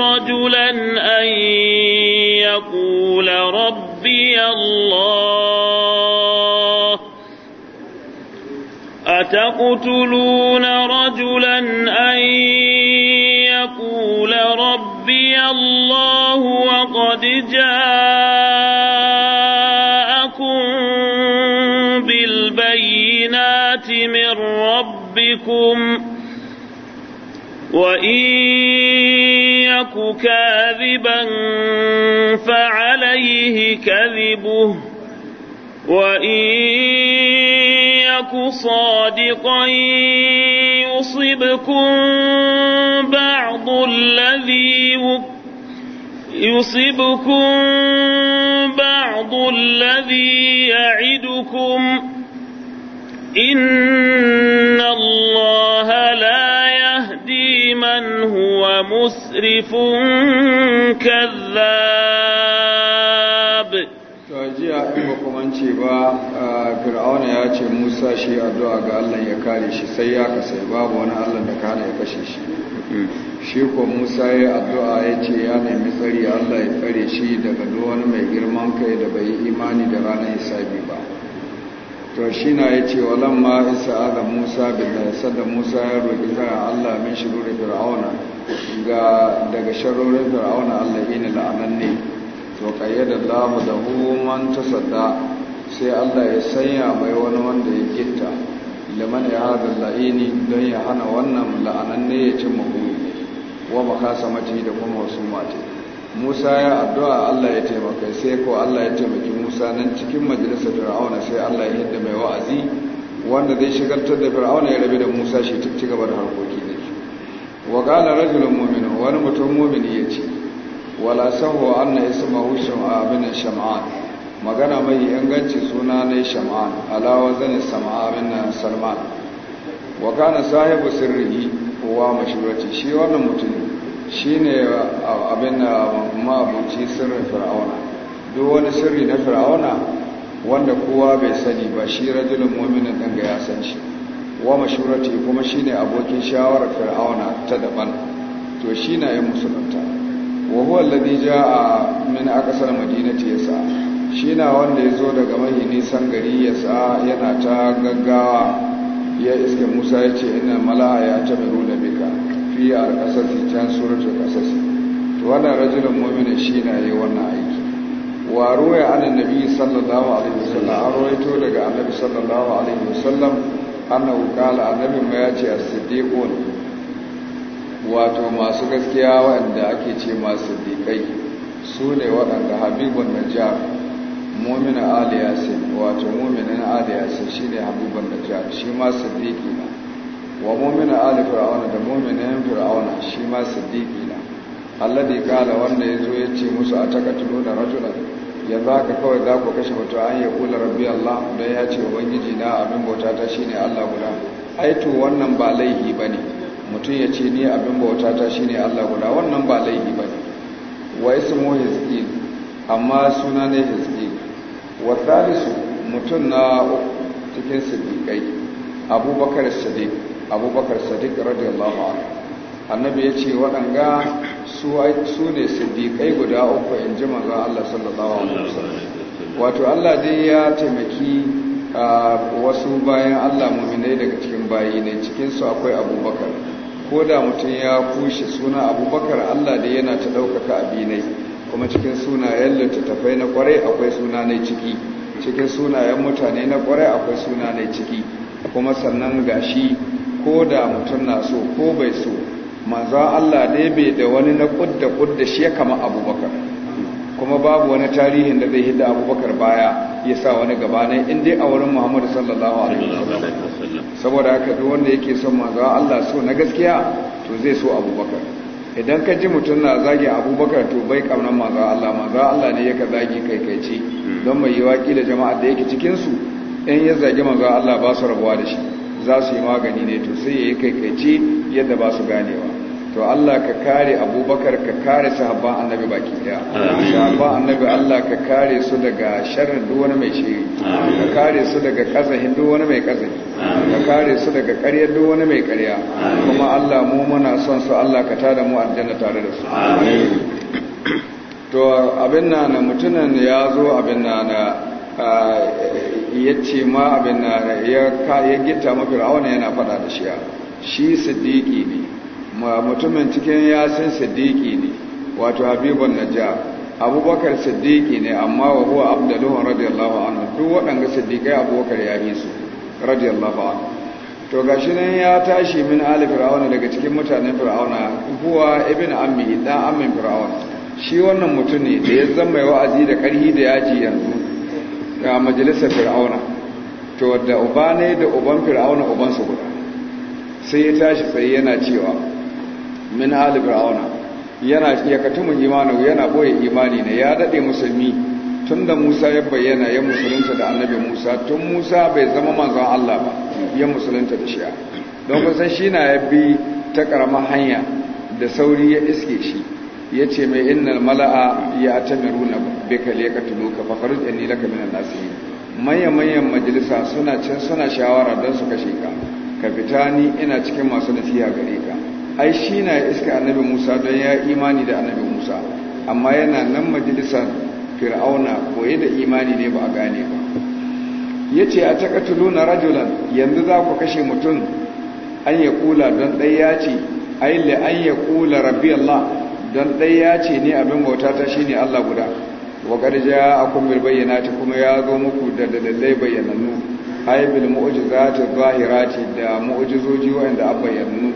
رجلا أن يقول ربي الله أتقتلون رجلا أن يقول ربي الله وقد جاء بالبينات من ربكم وإن يك كاذبا فعليه كذبه وإن يك صادقا يصبكم بعض الذي يصبكم بعض الذي يعدكم إن الله لا هو مسرف كذاب jiya in ba kuma ce ba fir'auna ya ce musa shi addu'a ga allah ya kare shi sai ya kasai babu wani allah da kana ya kashe shi hmm. shi musa ya addu'a ya ce ya nemi tsari allah ya tsare shi daga wani mai girman kai da bai yi imani da ranar hisabi ba to shi na ya ce wa lamma isa ala musa billahi sadda musa ya roƙi zara allah min da fir'auna ga daga sharurin fir'auna allah ina la'ananne to kayyada lamu da human sadda sai allah ya sanya mai wani wanda ya kinta liman ya hada la'ini don ya hana wannan la'ananne ya cin mahuri wa mati da kuma wasu mata musa ya addu'a allah ya taimaka sai ko allah ya taimaki musa nan cikin majalisar fir'auna sai allah ya hidda mai wa'azi wanda zai shigartar da fir'auna ya rabi da musa shi ci gaba da harkoki da shi wa rajulun wani mutum mu'mini ce. wala sahu na isa sham'a bin shama'an magana mai inganci suna ne alawa zane sam'a bin salman Wakana sahibu sirrihi wa mashurati shi wannan mutum shi ne abin da mabuci sirrin fir'auna duk wani sirri na fir'auna wanda kowa bai sani ba shi rajulun muminin ɗin ya san shi wa mashurati kuma shi ne abokin shawarar fir'auna ta daban to shi na yin musulunta wa huwa ja a min aqsar madinati yasa shi na wanda ya zo daga mahi nisan gari sa yana ta gaggawa ya iske Musa ya ce ina mala'a ya tabiru da bika fi a qasasi can suratul qasas to wanda rajulun mu'minin shi na yi wannan aiki wa ruwaya an Nabi sallallahu alaihi wasallam an ruwaito daga annabi sallallahu alaihi wasallam annahu qala annabi ma ya ce as-siddiqun wato masu gaskiya waɗanda ake ce masu siddiqai su ne waɗanda habibun najjar mu'minu ali wato mu'minin ali shine habibun najjar shi ma siddiqi ne wa mu'minu ali fir'auna da mu'minin fir'auna shi ma siddiqi na alladhi kala wanda yazo yace musu a da rajulan yanzu haka kawai za ku kashe mutu an ya kula rabbi Allah da ya ce ubangiji na abin bauta ta shine Allah guda aitu wannan ba laihi bane mutum ya ce ni abin bauta ta shine Allah guda wannan ba laihi bane wa ismu hizqil amma suna ne hizqil wa thalisu mutum na cikin siddiqai abubakar siddiq abubakar sadiq radiyallahu anhu annabi ya ce waɗanga su ne siddiƙai guda uku in ji manzan Allah sallallahu alaihi wasallam wato Allah dai ya taimaki wasu bayan Allah muminai daga cikin bayi ne cikinsu akwai abubakar ko da mutum ya kushe suna abubakar Allah dai yana ta ɗaukaka abinai kuma cikin sunayen littattafai na kwarai akwai suna ne ciki cikin sunayen mutane na kwarai akwai suna ne ciki kuma sannan gashi ko da mutum na so ko bai so maza Allah dai bai da wani na kudda kudda shi kama abubakar kuma babu wani tarihin da zai hidda abubakar baya ya sa wani gabanai in dai a wurin muhammadu sallallahu alaihi saboda haka duk wanda yake son maza Allah so na gaskiya to zai so abubakar idan ka ji mutum na zagi abubakar to bai kamar maza Allah maza Allah ne yaka zagi kai kai ce don mai yi waƙi da jama'a da yake cikinsu in ya zagi maza Allah ba su rabuwa da shi za su yi magani ne to sai ya yi kaikaici yadda ba su ganewa to Allah ka kare abubakar ka kare sahabban annabi baki daya sahabban annabi Allah ka kare su daga sharrin duk wani mai shiri ka kare su daga kazahin duk wani mai kazahi ka kare su daga ƙarya duk wani mai ƙarya kuma Allah mu muna son su Allah ka tada mu aljanna tare da su to abin nan mutunan ya zo abin nan eh, ya ce ma abin na ya gita mafi fir'auna yana fada da shi shi siddiƙi ne mutumin cikin yasin siddiƙi ne wato na ja abubakar siddiƙi ne amma wa huwa abdalluhun radiyallahu anhu duk waɗanda siddiƙai abubakar ya yi su radiyallahu anhu to ga shi nan ya tashi min ali fir'auna daga cikin mutanen fir'auna huwa ibn ammi dan amin fir'auna shi wannan mutum ne da ya zama wa'azi da ƙarhi da yaji yanzu ga majalisar fir'auna to da uba ne da uban fir'auna uban su guda sai ya tashi sai yana cewa min hali fir'auna yana ya mun imanu yana boye imani ne ya dade musulmi tunda da musa ya bayyana ya musulunta da annabi musa tun musa bai zama manzon allah ba ya musulunta da shi'a don kusan shi na ya bi ta karama hanya da sauri ya iske shi ya ce mai innal mala'a ya atamiru na beka leka tuluka fa da inni laka minan nasi. manyan manyan majalisa suna can suna shawara don su kashe ka ka fita ni ina cikin masu nasiya gare ka ai shi na iska annabi Musa don ya imani da annabi Musa amma yana nan majalisar fir'auna koye da imani ne ba a gane ba ya ce a taqatuluna rajulan yanzu za ku kashe mutum an ya kula don ɗaya ce ai la an ya kula rabbi Allah don ɗai ya ce ne abin bauta ta shi ne Allah guda wa ƙarja a kumbir bayyana ta kuma ya zo muku da dalilai bayyanannu za ta zahira ce da mu'ujizoji wa'anda an bayyanannu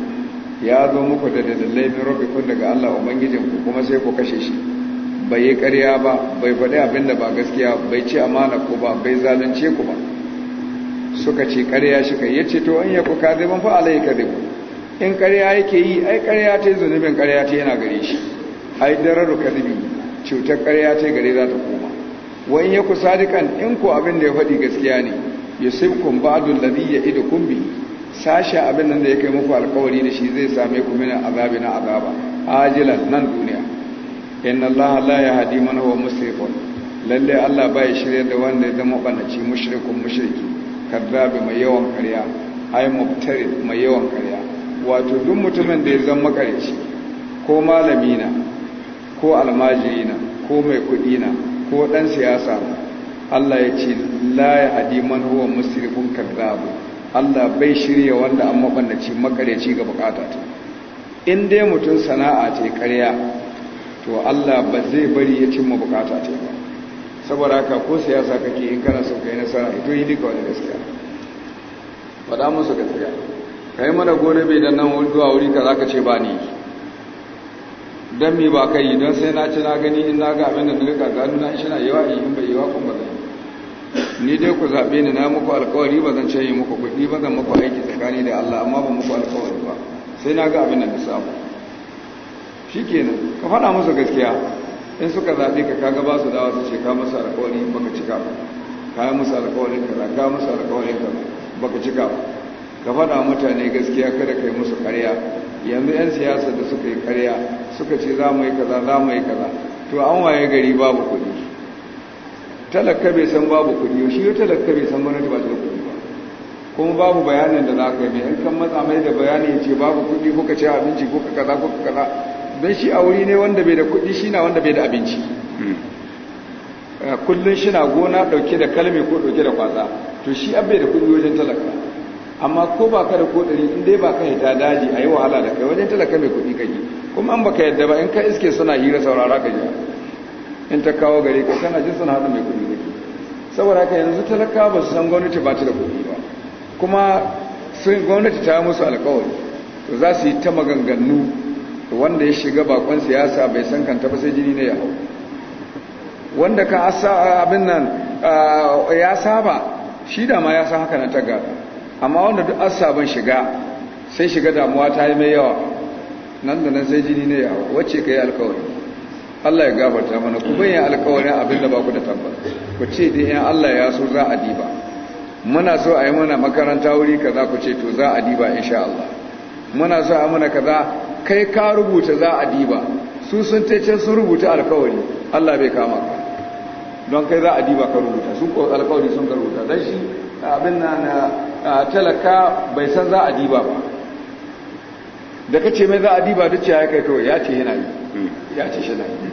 ya zo muku da dalilai min kunda daga Allah wa ku kuma sai ku kashe shi bai yi ƙarya ba bai faɗi abin da ba gaskiya bai ci amana ku ba bai zalunce ku ba suka ce ƙarya shi kai ya ce to an yi ku kaziban fa alayka in karya yake yi ai karya ta yi zunubin karya ta yana gare shi ai da kadhibi cutar karya ta gare za ta koma wa in yaku sadikan in ko abin da ya faɗi gaskiya ne yusibkum ba'du alladhi ya'idukum kumbi. sasha abin nan da ya kai muku alƙawari da shi zai same ku min azabi na azaba ajilan nan duniya inna allaha la yahdi man huwa musrifun lalle allah bai shirya da wanda ya zama banaci mushrikun mushriki kadzabi mai yawan karya. ai mubtarid mai yawan karya. wato duk mutumin da ya zan makarici ko malami na ko almajiri na ko mai kuɗi na ko ɗan siyasa Allah ya ce la ya hadi man huwa musrifun kadzabu Allah bai shirya wanda an mabannaci makarici ga bukata ta in dai mutum sana'a ce ƙarya to Allah ba zai bari ya cimma bukata ta ba saboda haka ko siyasa kake in kana so kai nasara ito yi duka wani gaskiya faɗa musu gaskiya kai mana gona bai da nan zuwa wuri ka za ka ce ba ni don mi ba ka yi don sai na ci na gani in na ga abin da na ka gano na shi na yawa yi in bai yawa kun ba zai ni dai ku zaɓe ni na muku alkawari ba zan yi muku kuɗi ba zan muku aiki tsakani da Allah amma ba muku alkawari ba sai na ga abin da na samu shi kenan ka faɗa musu gaskiya in suka zaɓe ka kaga ba su dawa su ce ka musu alkawari baka cika ba ka yi musu alkawari ka musu alkawarin baka cika ba ka faɗa mutane gaskiya kada kai musu ƙarya yanzu 'yan siyasa da suka yi ƙarya suka ce za mu yi kaza za mu yi kaza to an waye gari babu kuɗi talaka bai san babu kuɗi shi yau talaka bai san gwamnati ba ta kuɗi ba kuma babu bayanin da za ka yi in kan matsa mai da bayani ya ce babu kuɗi kuka ce abinci kuka kaza kuka kaza don shi a wuri ne wanda bai da kuɗi shi na wanda bai da abinci hmm. eh, kullum shi na gona ɗauke da kalmi ko ɗauke da kwaza to shi an bai da kuɗi wajen talaka amma ko ba ka da kodari in dai ba ka hita daji a yi wahala da kai wajen talaka mai kudi kai kuma an baka yadda ba in ka iske suna hira saurara ka jiya in ta kawo gare ka kana jin suna hada mai kuɗi kake saboda haka yanzu talaka ba su san gwamnati ba ta da kudi ba kuma sun gwamnati ta musu alkawari to za su yi ta maganganu wanda ya shiga bakon siyasa bai san kanta ba sai jini ne ya hau wanda ka asa abin nan ah, ya saba shi da ma ya san haka na ta gaba amma wanda duk asaban shiga sai shiga damuwa ta yi mai yawa nan da nan sai jini ne yawa wacce ka yi alkawari Allah ya gafarta mana ku bayyana alkawari abin da ba ku da tabbas ku ce dai in Allah ya so za a diba muna so a yi mana makaranta wuri kaza ku ce to za a diba insha Allah muna so a mana kaza kai ka rubuta za a diba su sun tace sun rubuta alkawari Allah bai kama ka don kai za a diba ka rubuta su ko alkawari sun ka rubuta dan shi abin nan talaka bai san za a diba ba da kace mai za a diba duk ya kai to ya ce yana yi ya ce shi yana yi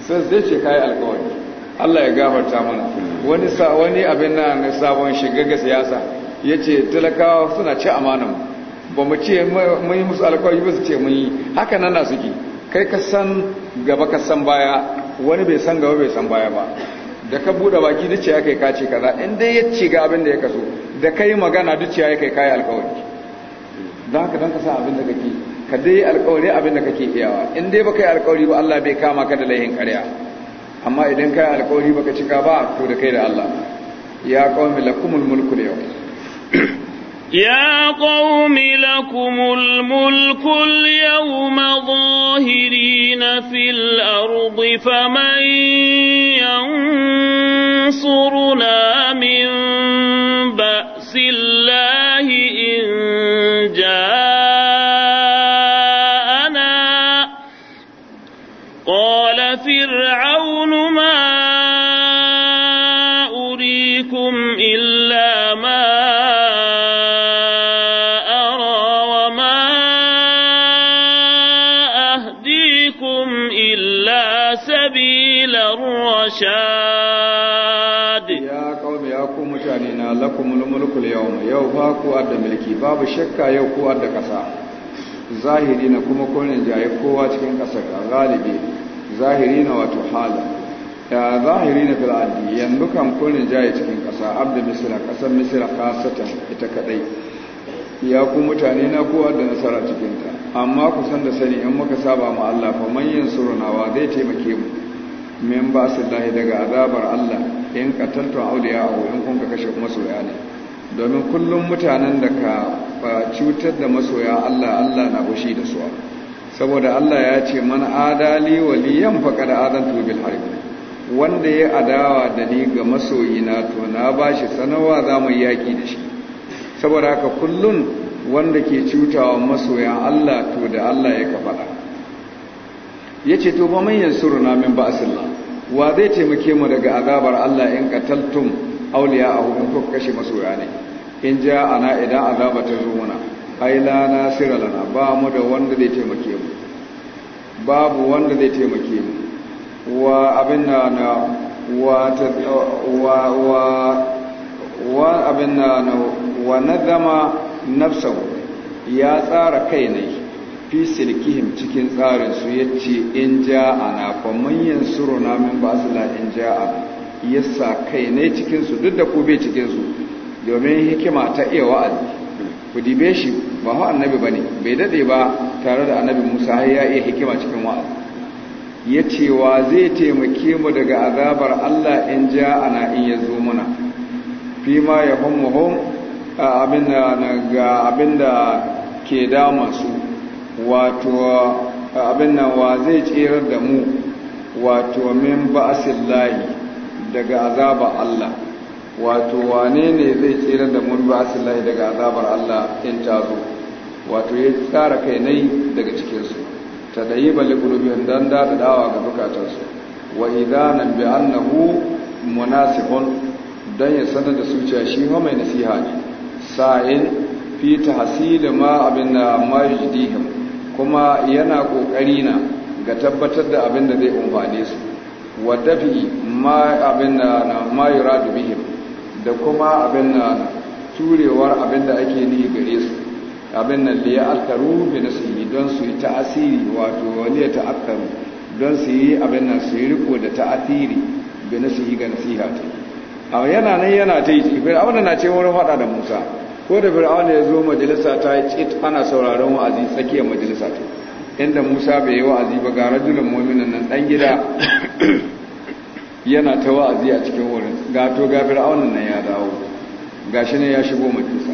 sai zai ce kai alƙawari Allah ya gafarta mana wani sa wani abin nan sabon shiga ga siyasa yace talakawa suna ci amanan ba mu ce mun yi musu alƙawari ba su ce mun yi haka nan na suke kai ka san gaba ka san baya wani bai san gaba bai san baya ba da ka bude baki duk ya kai kace kaza in dai ya ci ga abin da ya kaso da kai magana duk ya kai kai alƙawari Da haka dan ka sa abin da kake ka dai alƙawari abin da kake iyawa in dai baka yi alƙawari ba Allah bai kama ka da laihin ƙarya amma idan kai alƙawari baka cika ba to da kai da Allah ya qawmi lakumul mulku yawm يا قوم لكم الملك اليوم ظاهرين في الأرض فمن ينصرنا من بأس الله إن جاءنا سبيل الرشاد يا قوم يا قوم متانينا لكم الملك اليوم يو فاكو أدى ملكي باب شكا يو كو أدى كسا ظاهرين كما كون جاي kowa cikin kasar galibi zahirina wato hala ya zahirina fil adi yanzu kan kun jaye cikin kasa abda misra kasar misra kasatan ita kadai ya ku mutane na kowa da nasara cikinta amma ku san da sani in muka saba ma Allah fa man yansuruna wa zai taimake mu min ba su lahi daga azabar Allah in kataltu auliya a in kun ka kashe masoya ne domin kullum mutanen da ka cutar da masoya Allah Allah na bushi da suwa. saboda Allah ya ce man adali waliyan faqad adantu bil harbi. wanda ya adawa da ni ga masoyina to na bashi sanawa za yaki da shi saboda haka kullum wanda ke cutawa masoya Allah to da Allah ya ka faɗa ya ce to ba man yansuru na min asila wa zai taimake mu daga azabar Allah in qataltum auliya a hukun kuka kashe masoya ne in ja ana idan azaba ta zo muna ai la nasira lana ba mu da wanda zai taimake mu babu wanda zai taimake mu wa abin na na wa wa wa wa abin na na wa nadama nafsahu ya tsara kai ne fi silkihim cikin tsarin su yace in ja'ana fa man na min ba'sila in ja'ana yasa kai ne cikin su duk da ku bai cikin su domin hikima ta iya wa'azi ku dibe shi ba hu annabi bane bai dade ba tare da annabi Musa har ya iya hikima cikin wa'azi ya ce wa zai taimake mu daga azabar Allah in ja'ana in ya zo muna fi ma ya hummuhum abin da ke damansu wato abin nan wa zai tserar da mu wato min ba'asin layi daga azabar Allah wato wane ne zai tserar da mun ba'asin layi daga azabar Allah in ta zo wato ya tsara kai nai daga cikinsu ta yi bali gurubin don dawa ga bukatarsu wa idanan bi annahu munasihun don ya sanar da su cewa shi ma mai nasiha ne sa'in fi da ma abin da ma jidihim kuma yana kokari na ga tabbatar da abin da zai umfane su wa dafi ma abin da na ma yuradu bihim da kuma abin da turewar abin da ake ni gare su abin da liya alkaru bi yi don su yi ta'asiri wato waliya ta'akaru don su yi abin da su yi riko da ta'asiri bi yi ga nasiha ta yana nan yana ta yi da na ce wurin faɗa da Musa ko da fir'auna ya zo majalisa ta yi cit ana sauraron wa'azi tsakiyar majalisa ta inda musa bai yi wa'azi ba ga rajulun mominan nan dan gida yana ta wa'azi a cikin wurin ga to ga fir'auna nan ya dawo ga shi ne ya shigo majalisa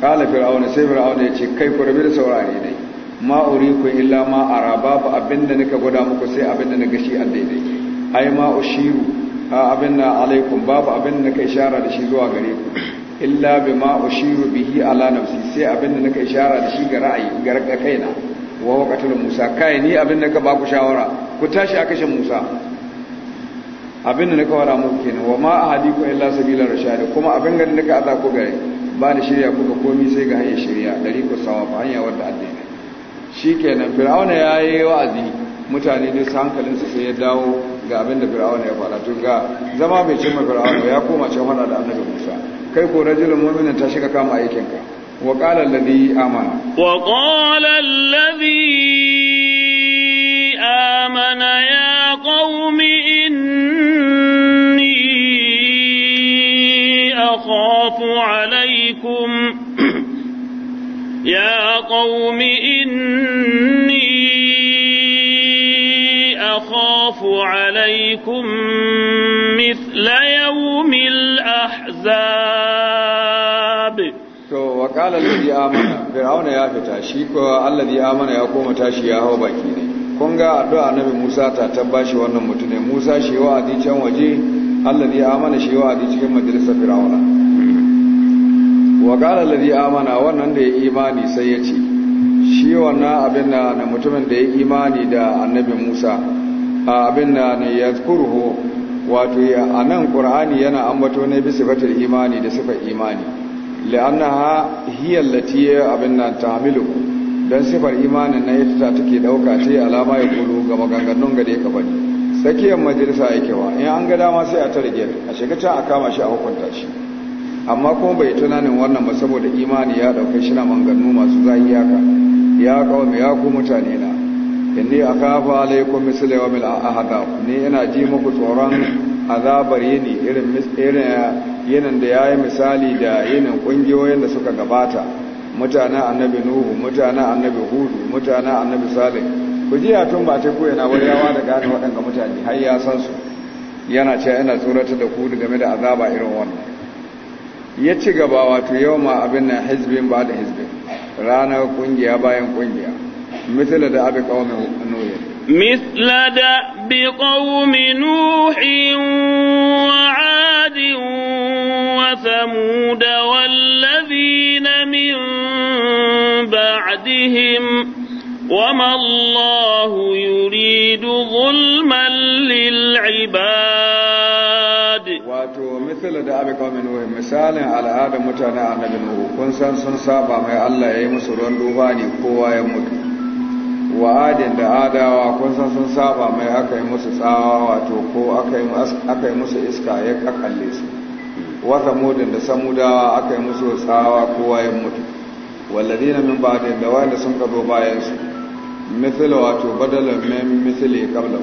kala fir'auna sai fir'auna ya ce kai ku rabi da saurare dai ma ku illa ma ara babu abinda nika gwada muku sai abinda na gashi a daidai ai ma ushiru abin na alaikum babu abinda da nika ishara da shi zuwa gare ku illa bi ma ushiru bihi ala nafsi sai abinda naka ishara da shi ga ra'ayi ga raka kaina wa waqatul Musa kai ni abinda ka ba ku shawara ku tashi a kashe Musa abinda naka wara muku kenan wa ma ahadiku illa sabila rashad kuma abin da naka aza ku ga ba ni shirya ku ga komai sai ga hanyar shirya dari ku sawab hanya wadda Shi shikenan fir'auna yayi wa'azi mutane ne su hankalinsu sai ya dawo ga abinda fir'auna ya fara tun ga zama mai cimma fir'auna ya koma cewa da annabi Musa kai ko rajulun mu'minin ta shiga kama aikin ka wa qala alladhi amana wa qala alladhi amana ya qaumi inni akhafu alaykum ya qaumi inni akhafu alaykum mithla yawmil ahad الكذاب to wa qala amana fir'auna ya fita shi ko alladhi amana ya koma tashi ya hawo baki ne Kunga ga addu'a annabi Musa ta tabbashi wannan mutune Musa shi wa'adi can waje alladhi amana shi wa'adi cikin majalisar fir'auna wannan da ya imani sai yace shi wannan abin da na mutumin da ya imani da annabi Musa abin da ne yazkuruhu wato a nan ƙur'ani yana ambato ne bisa fatar imani da sifar imani la'anna ha hiyar latiye abin nan ta hamilu don sifar imanin na ta take ɗauka ce alama ya kulu ga maganganun gade ka bari tsakiyar majalisa ya wa, in an ga dama sai a targe a shiga can a kama shi a hukunta shi amma kuma bai tunanin wannan ba saboda imani ya ɗauka shi na manganu masu zahi haka ya kawo ya ku mutane na inni akafa alaikum wa mil ahada ni ina ji muku tsoron azabar yini irin irin eh, da yayi misali da yinin kungiyoyin da suka gabata mutana annabi nuhu mutana annabi hudu mutana annabi salih ku ji tun ba ta ko wani waryawa da gane waɗanda mutane har ya san su yana cewa yana tsorata da ku game da azaba irin wannan ya ci gaba wato ma abin nan hizbin ba da hizbin ranar kungiya bayan kungiya مثل دأب قوم نوح مثل دأب قوم نوح وعاد وثمود والذين من بعدهم وما الله يريد ظلما للعباد واتو مثل دعب قوم نوح مثال على هذا متنا عن نبي كنسان سنسابا ما الله يمسرون دوباني قوة يموت wa adin da adawa kun san sun saba mai aka yi musu tsawa wato ko aka yi musu iska ya kakalle su wata modin da samudawa aka yi musu tsawa kowa ya mutu na min ba'din da wanda sun gado bayan su mithla wato badalan min mithli qabla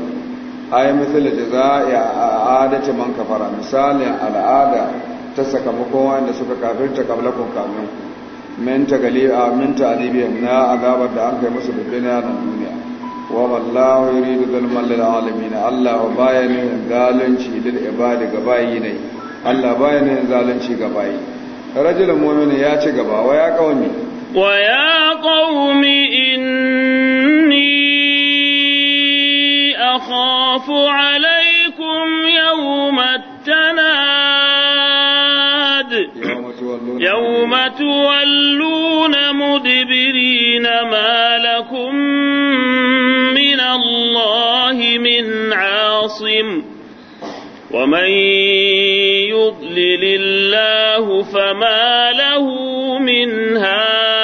ay mithla a adati man kafara misalin al'ada ta sakamakon wanda suka kafirta qablakum kamin ku gali a minta ta'dibihim na azabar da an kai musu a na duniya wa wallahu yuridu zulman lil alamin Allah wa ne zalunci da ibadi ga bayi ne Allah bayanin ne zalunci ga bayi rajin momini ya ci gaba wa ya kawami wa ya qaumi inni kafu alaykum yau matanar يوم تولون مدبرين ما لكم من الله من عاصم ومن يضلل الله فما له من هاد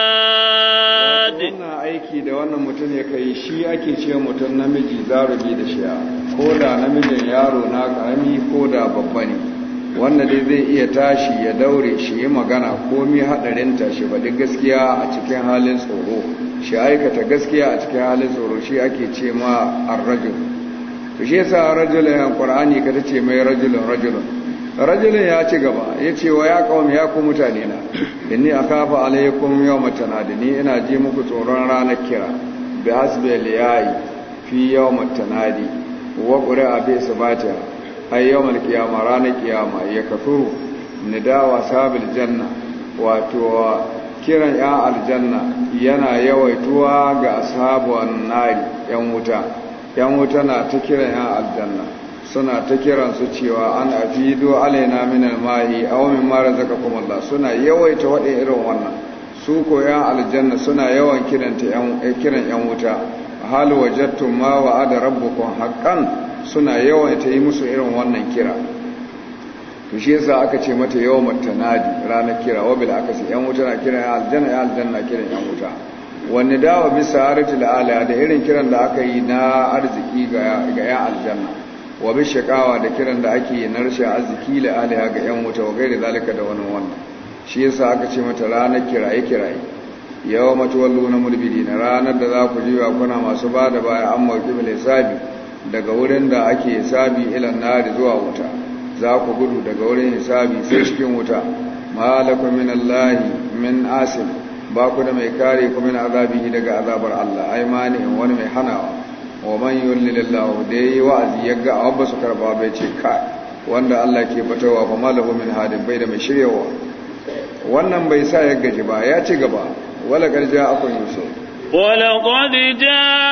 aiki da wannan mutum ya kai shi ake ce mutum namiji zarubi da shiya ko da namijin yaro na ƙarami ko da babba ne wanda dai zai iya tashi ya daure shi yi magana komi haɗarinta tashi baɗi gaskiya a cikin halin tsoro shi aikata gaskiya a cikin halin tsoro shi ake ce ma arrajul to shi yasa rajulun yan qur'ani kada ce mai rajulun rajulun rajulun ya ci gaba ya ce wa ya kawam ya ku mutane na inni akafa alaykum yawma tanadini ina ji muku tsoron ranar kira bi hasbi liyayi fi yawma tanadi wa qura bi sabatiha ayyawar kiyama ranar kiyama ya kafiru nidawa sabil janna wato kiran ya aljanna yana yawaituwa ga sabon nari yan wuta yan wuta na ta kiran ya aljanna suna ta kiran su cewa an afido alaina minal mahi aw min ma Allah suna yawaita wadai irin wannan su ko yan aljanna suna yawan kiranta yan eh, kiran yan wuta hal wajadtum ma wa'ada rabbukum haqqan suna yawan ta yi musu irin wannan kira to shi yasa aka ce mata yawmat tanadi ranar kira wabila aka ce yan wuta na kiran aljanna ya aljanna kiran yan wuta wani dawa bisa aritul la'ala da irin kiran da aka yi na arziki ga ya aljanna wa bi da kiran da ake yi na rashin arziki la'ala ga yan wuta wa da zalika da wani wannan shi yasa aka ce mata ranar kiraye kiraye na walluna na ranar da za ku jiwa kuna masu ba da baya amma mai lissafi. daga wurin da ake sabi ilan nari zuwa wuta za ku gudu daga wurin sabi sai cikin wuta malakun min allahi min asir ba ku da mai kare ku azabi azabihi daga azabar allah ai mani in wani mai hanawa wa man yulilillahu da yayi wa'azi ya ga abba su karba bai ce ka wanda allah ke fitowa fa malahu min hadin bai da mai shiryawa wannan bai sa ya gaji ba ya ci gaba wala garja akon yusuf wala qad jaa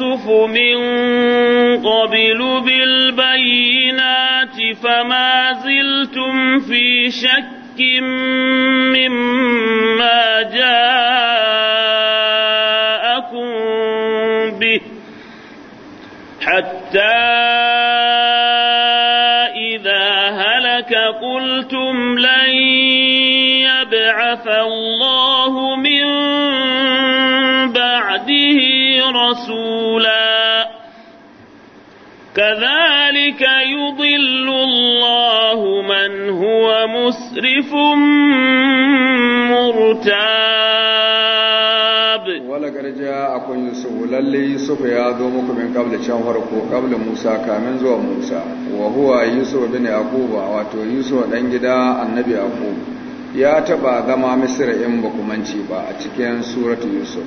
يوسف من قبل بالبينات فما زلتم في شك مما جاءكم به حتى إذا هلك قلتم لن يبعث الله رسولا كذلك يضل الله من هو مسرف مرتاب ولا كرجا اكون يوسف للي يوسف يا دومكم من قبل شان فرقو قبل موسى كامن زو موسى وهو يوسف بن يعقوب واتو يوسف دان gida النبي يعقوب ya taba zama misra in ba ku manci ba a cikin suratu yusuf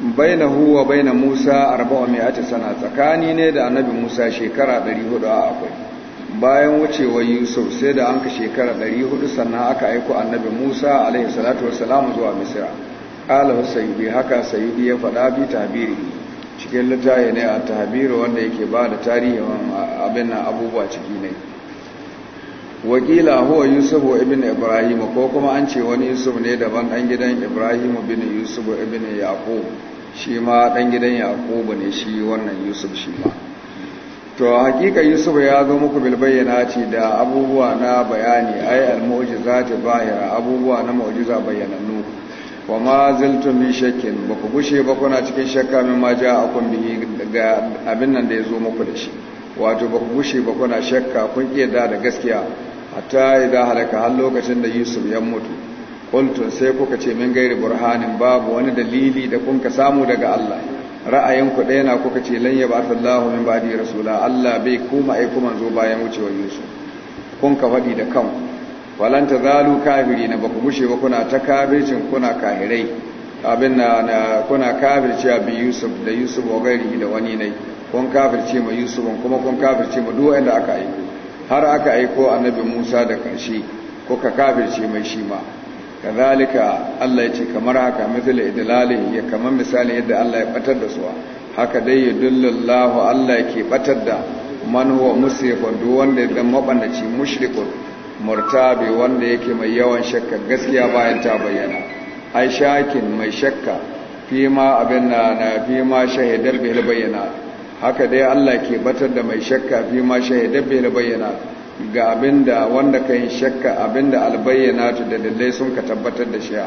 baina huwa baina Musa arba'a sana tsakani ne da annabi Musa shekara 400 akwai bayan wucewa Yusuf sai da anka shekara 400 sannan aka aiko annabi Musa alaihi salatu wassalamu zuwa Misra qala Husaybi haka Sayyidi ya faɗa bi tabiri cikin littafi ne a tabiri wanda yake ba da tarihin abin abubuwa ciki ne wakila huwa yusuf ibn ibrahim ko kuma an ce wani yusuf ne daban dan gidan ibrahim bin yusuf ibn yaqub shi ma dan gidan yaqub ne shi wannan yusuf shi ma to hakika yusuf ya zo muku bil bayyanati da abubuwa na bayani ay al mu'jizat bahira abubuwa na mu'jiza bayyanannu wa ma zaltum min shakkin ba ku gushe ba kuna cikin shakka min ma kun bihi ga abin nan da ya zo muku da shi wato ba ku gushe ba kuna shakka kun iya da gaskiya hatta idan halaka har lokacin da yusuf ya mutu kuntun sai kuka ce min gairi burhanin babu wani dalili da kun ka samu daga Allah ra'ayin ku ɗaya na kuka ce lan yaba min ba'di rasula Allah bai kuma ai kuma zo bayan wucewar yusuf kun ka faɗi da kan walan tazalu kafirina ba ku mushe ba kuna ta kafircin kuna kahirai abin na kuna kafirci a yusuf da yusuf wa gairi da wani ne kun kafirci ma Yusuf? kuma kun kafirci ma duk wanda aka aiko har aka aiko annabi Musa da kanshi ko ka kafirce mai shi ma kazalika Allah ya ce kamar haka mithla idlali ya kamar misali yadda Allah ya batar da su haka dai yudullahu Allah ke batar da man huwa musrifun duk wanda ya zama mabandaci mushrikun murtabi wanda yake mai yawan shakka gaskiya bayan ta bayyana ai shakin mai shakka fima abin na fima shahidar bihil bayyana haka dai Allah ke batar da mai shakka fi ma shahidar bai bayyana ga abinda wanda ka yi shakka abinda albayyana ta da dalilai sun ka tabbatar da shiya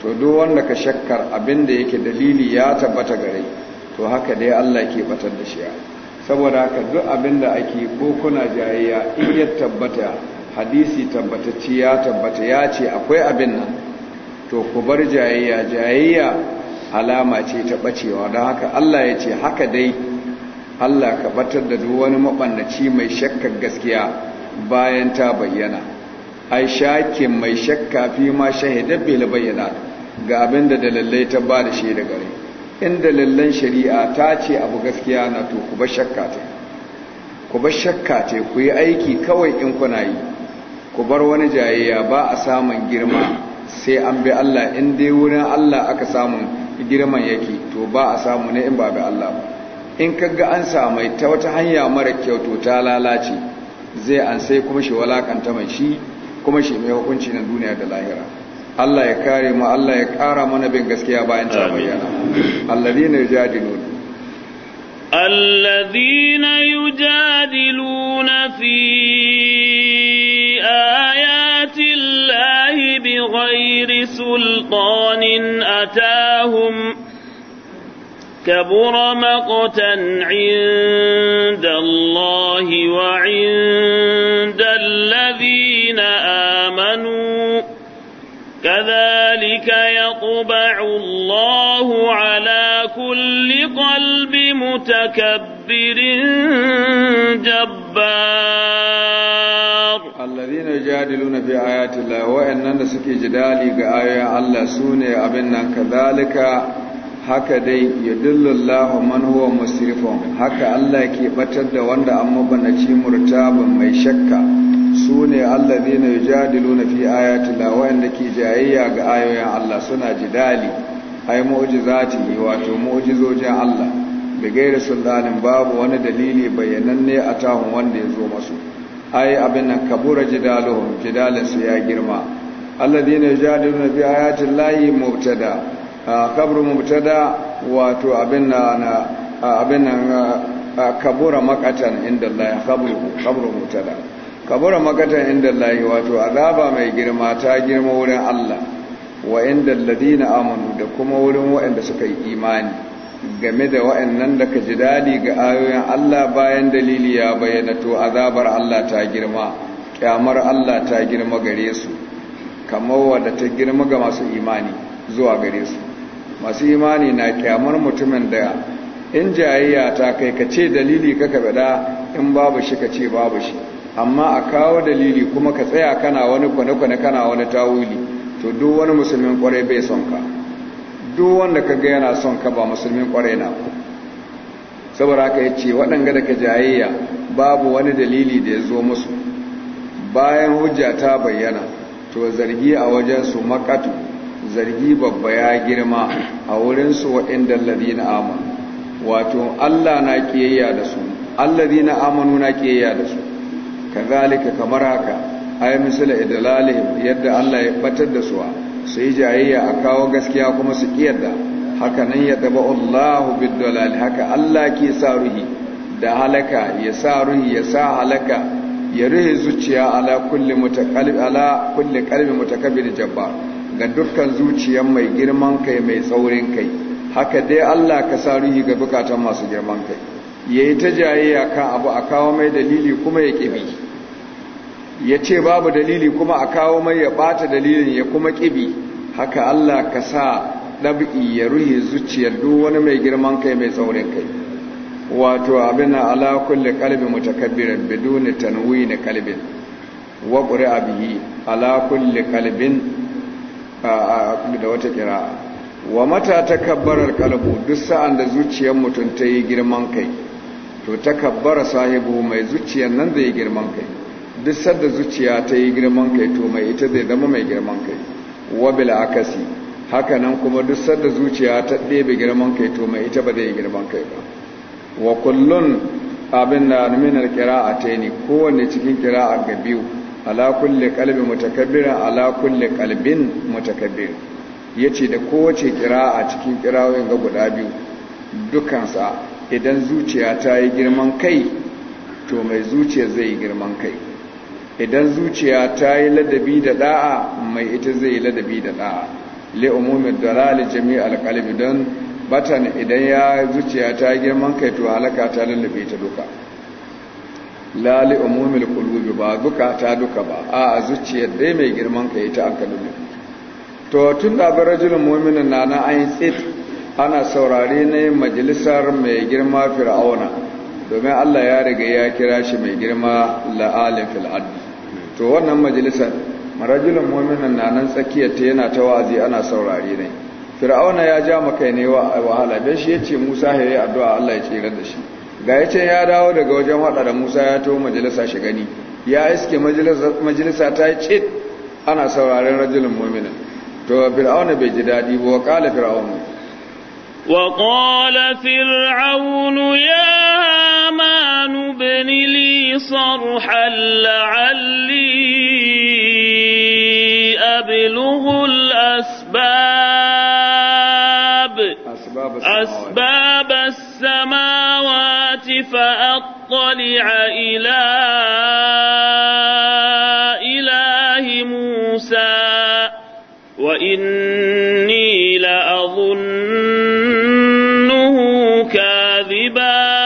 to duk wanda ka shakkar abinda yake dalili ya tabbata gare to haka dai Allah ke batar da shiya saboda haka duk abinda ake ko kuna jayayya in ya tabbata hadisi tabbatacci ya tabbata ya ce akwai abin nan to ku bar jayayya jayayya alama ce ta bacewa don haka Allah ya ce haka dai Allah ka batar da duk wani mabannaci mai shakkar gaskiya bayan ta bayyana ai shakin mai shakka fi ma shahida bil bayyana ga abin da dalilai ta ba da shaida gare in dalilan shari'a ta ce abu gaskiya na to ku ba shakka ta ku ba shakka ta ku yi aiki kawai in kuna yi ku bar wani jayayya ba a samun girma sai an bi Allah in dai wurin Allah aka samu girman yake to ba a samu ne in ba bi Allah ba in kaga an samai ta wata hanya mara kyautu ta lalace zai an sai kuma shi walakanta mai shi kuma shi mai hukunci na duniya da lahira Allah ya kare mu Allah ya kara mana bin gaskiya bayan ta bayyana alladhina yujadilun alladhina yujadiluna fi ayati llahi bighayri sultanin atahum كبر مقتا عند الله وعند الذين آمنوا كذلك يطبع الله على كل قلب متكبر جبار الذين يجادلون في آيات الله وإننا سكي جدالي بآية الله سوني أبنا كذلك haka dai ya dillallahu man huwa musrifun haka Allah ke batar da wanda an mabanaci murtaban mai shakka su ne allazina na fi ayati la wanda ke jayayya ga ayoyin Allah suna jidali ai mu'jizati wato mu'jizojin Allah da gaira sultanin babu wani dalili bayyananne a tahun wanda ya zo masu ai abin nan kabura jidaluhum su ya girma allazina na fi ayati llahi mubtada kabru mubtada wato abin na abin nan kabura makatan inda Allah kabru mubtada kabura makatan inda Allah wato azaba mai girma ta girma wurin Allah wa inda alladina amanu da kuma wurin waɗanda suka yi imani game da waɗannan da ka ji dadi ga ayoyin Allah bayan dalili ya bayyana to azabar Allah ta girma kyamar Allah ta girma gare su kamar wadda ta girma ga masu imani zuwa gare su masu imani na kyamar mutumin daya, in jayayya ta kai ka ce dalili ka kabada in babu shi ka ce babu shi amma a kawo dalili kuma ka tsaya kana wani kwane-kwane kana wani tawuli to duk wani musulmin kwarai bai son ka duk wanda ka ga yana son ka ba musulmin kwarai na ku saboda haka ya ce waɗanga da ka jayayya babu wani dalili da ya zo musu bayan hujja ta bayyana to zargi a wajensu makatu zargi babba ya girma a wurinsu waɗanda ladina amanu wato Allah na kiyayya da su alladina amanu na kiyayya da su kazalika kamar haka ay misala idlalihim yadda Allah ya batar da su sai jayayya a kawo gaskiya kuma su kiyarda haka nan ya taba Allahu bidalal haka Allah ke sa ruhi da halaka ya sa ruhi ya sa halaka ya ruhi zuciya ala kulli mutaqallib ala kulli qalbi mutakabbir jabbar ga dukkan zuciyar mai girman kai mai tsaurin kai haka dai Allah ka sa ruhi ga bukatan masu girman kai yayi ta jayayya kan abu a kawo mai dalili kuma ya kibi ya ce babu dalili kuma a kawo mai ya bata dalilin ya kuma kibi haka Allah ka sa dab'i ya ruhi zuciyar duk wani mai girman kai mai tsaurin kai wato abin ala kulli qalbi mutakabbirin biduni tanwini qalbin wa qura bihi ala kulli qalbin da wata kira wa mata takabbarar kalbu duk sa'an da zuciyar mutum ta yi girman kai to takabbara sahibu mai zuciyar nan da yi girman kai duk sadda zuciya ta yi girman kai to mai ita zai zama mai girman kai wabil akasi haka kuma duk sadda zuciya ta ɗebe girman kai to mai ita ba zai yi girman kai ba wa kullun abin da minar kira'a ta ne kowanne cikin kira'a ga biyu ala kulli qalbi mutakabbirin ala kulli qalbin mutakabbir yace da kowace kiraa cikin kirawoyin ga guda biyu dukansa idan zuciya ta yi girman kai to mai zuciya zai yi girman kai idan zuciya ta yi ladabi da da'a mai ita zai yi ladabi da da'a li umumin Jami, jami'al qalbi don batan idan ya zuciya ta yi girman kai to halaka ta lallabe ta duka lali umumil kulubi ba zukata duka ba a zuciyar dai mai girman ka yi ta an kalmi to tun da rajulun mu'minin na na an tsit ana saurare ne majalisar mai girma fir'auna domin Allah ya riga ya kira shi mai girma la'alin fil to wannan majalisar rajulun mu'minin na nan tsakiyar ta yana ta wa'azi ana saurare ne fir'auna ya ja maka ne wahala dan shi ce Musa ya yi addu'a Allah ya tsira da shi ga ya ce ya dawo daga wajen hada da musa ya to majalisa shi gani ya iske majalisa ta yi cit ana sauraren rajulun mominan to fir'auna bai ji daɗi ba wa fir'auna وقال فرعون ya هامان ابن لي صرحا لعلي أبلغ asbab asbab asbab فأطلع إلى إله موسى وإني لأظنه كاذبا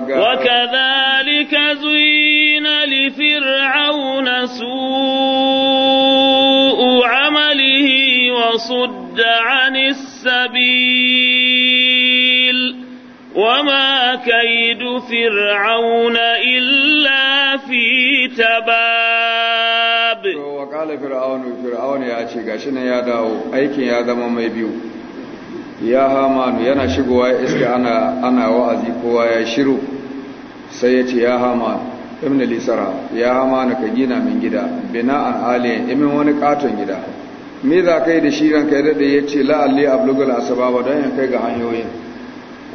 وكذلك زين لفرعون سوء عمله وصد عن السبيل كيد فرعون إلا في تباب وقال فرعون فرعون يا أشي قاشنا يا داو أيكي يا دم ما يبيو يا هامان ينا شقوا إسك أنا أنا وأذي قوا يا شرو سيتي lisara ya hamana ka gina min gida bina'an aliyan imin wani katon gida me za kai da shi ranka ya dade yace la'alli ablugul asbaba don yan kai ga hanyoyin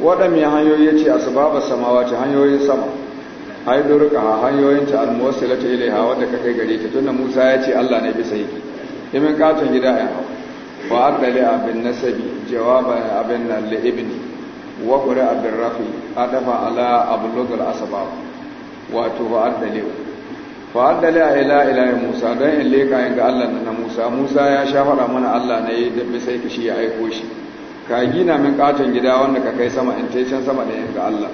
waɗanne hanyoyi ya ce a samawa ce hanyoyin sama ai durka ha hanyoyin ta almuwassila ta ilaiha wadda ka kai gare ta tunda Musa ya ce Allah ne bisa yake imin katon gida ya hau. wa adali abin nasabi jawaban abin nan li ibni wa qura abin rafi dafa ala ablugh al asbab wato wa adali fa adali ila ila Musa don in leka yin ga Allah na Musa Musa ya sha shafara mana Allah ne da bisa ka shi ya aiko shi ka gina min katon gida wanda ka kai sama in can sama da yanka Allah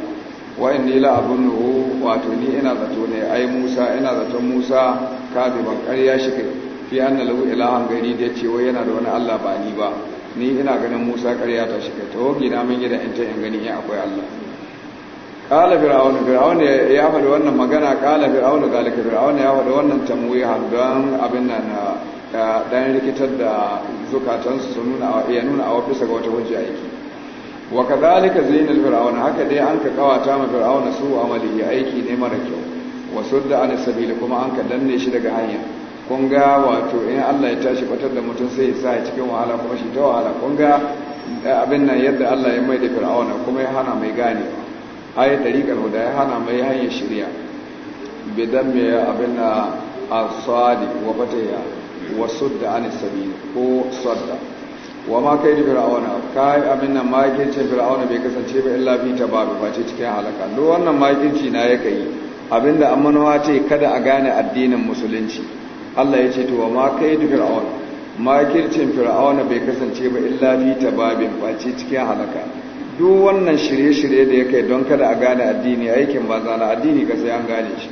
wa inni la nuhu wato ni ina zato ne ai Musa ina zato Musa ban ƙarya shi kai fi anna lahu ilahan gari da ce wai yana da wani Allah ba ni ba ni ina ganin Musa ƙarya ta shi kai to gina min gida in can in gani ya akwai Allah kala fir'aun fir'aun ya faɗi wannan magana kala fir'aun galika fir'aun ya faɗi wannan tamwihan don abin nan dan rikitar da zukatansu sun nuna ya nuna awa bisa ga wata hujja aiki wa kadhalika zainal fir'auna haka dai an ka kawata ma fir'auna su amali aiki ne mara kyau wa sudda an sabil kuma an ka danne shi daga hanya kun wato in Allah ya tashi batar da mutum sai ya sa cikin wahala kuma shi ta wahala kun eh, abin nan yadda Allah ya mai da fir'auna kuma ya hana mai gane ayi dariƙar huda ya hana mai hanyar shirya bidan mai abin na asadi wa fataya wa da an sabil ko sadda wa ma kai fir'auna kai abin nan makircin fir'auna bai kasance ba illa fi tabaru face cikin halaka duk wannan makirci na yake yi abinda amanawa ce kada a gane addinin musulunci Allah ya ce to wa ma kai fir'auna makircin fir'auna bai kasance ba illa fi tababin face cikin halaka duk wannan shirye-shirye da ya kai don kada a gane addini aikin banza na addini ka sai an gane shi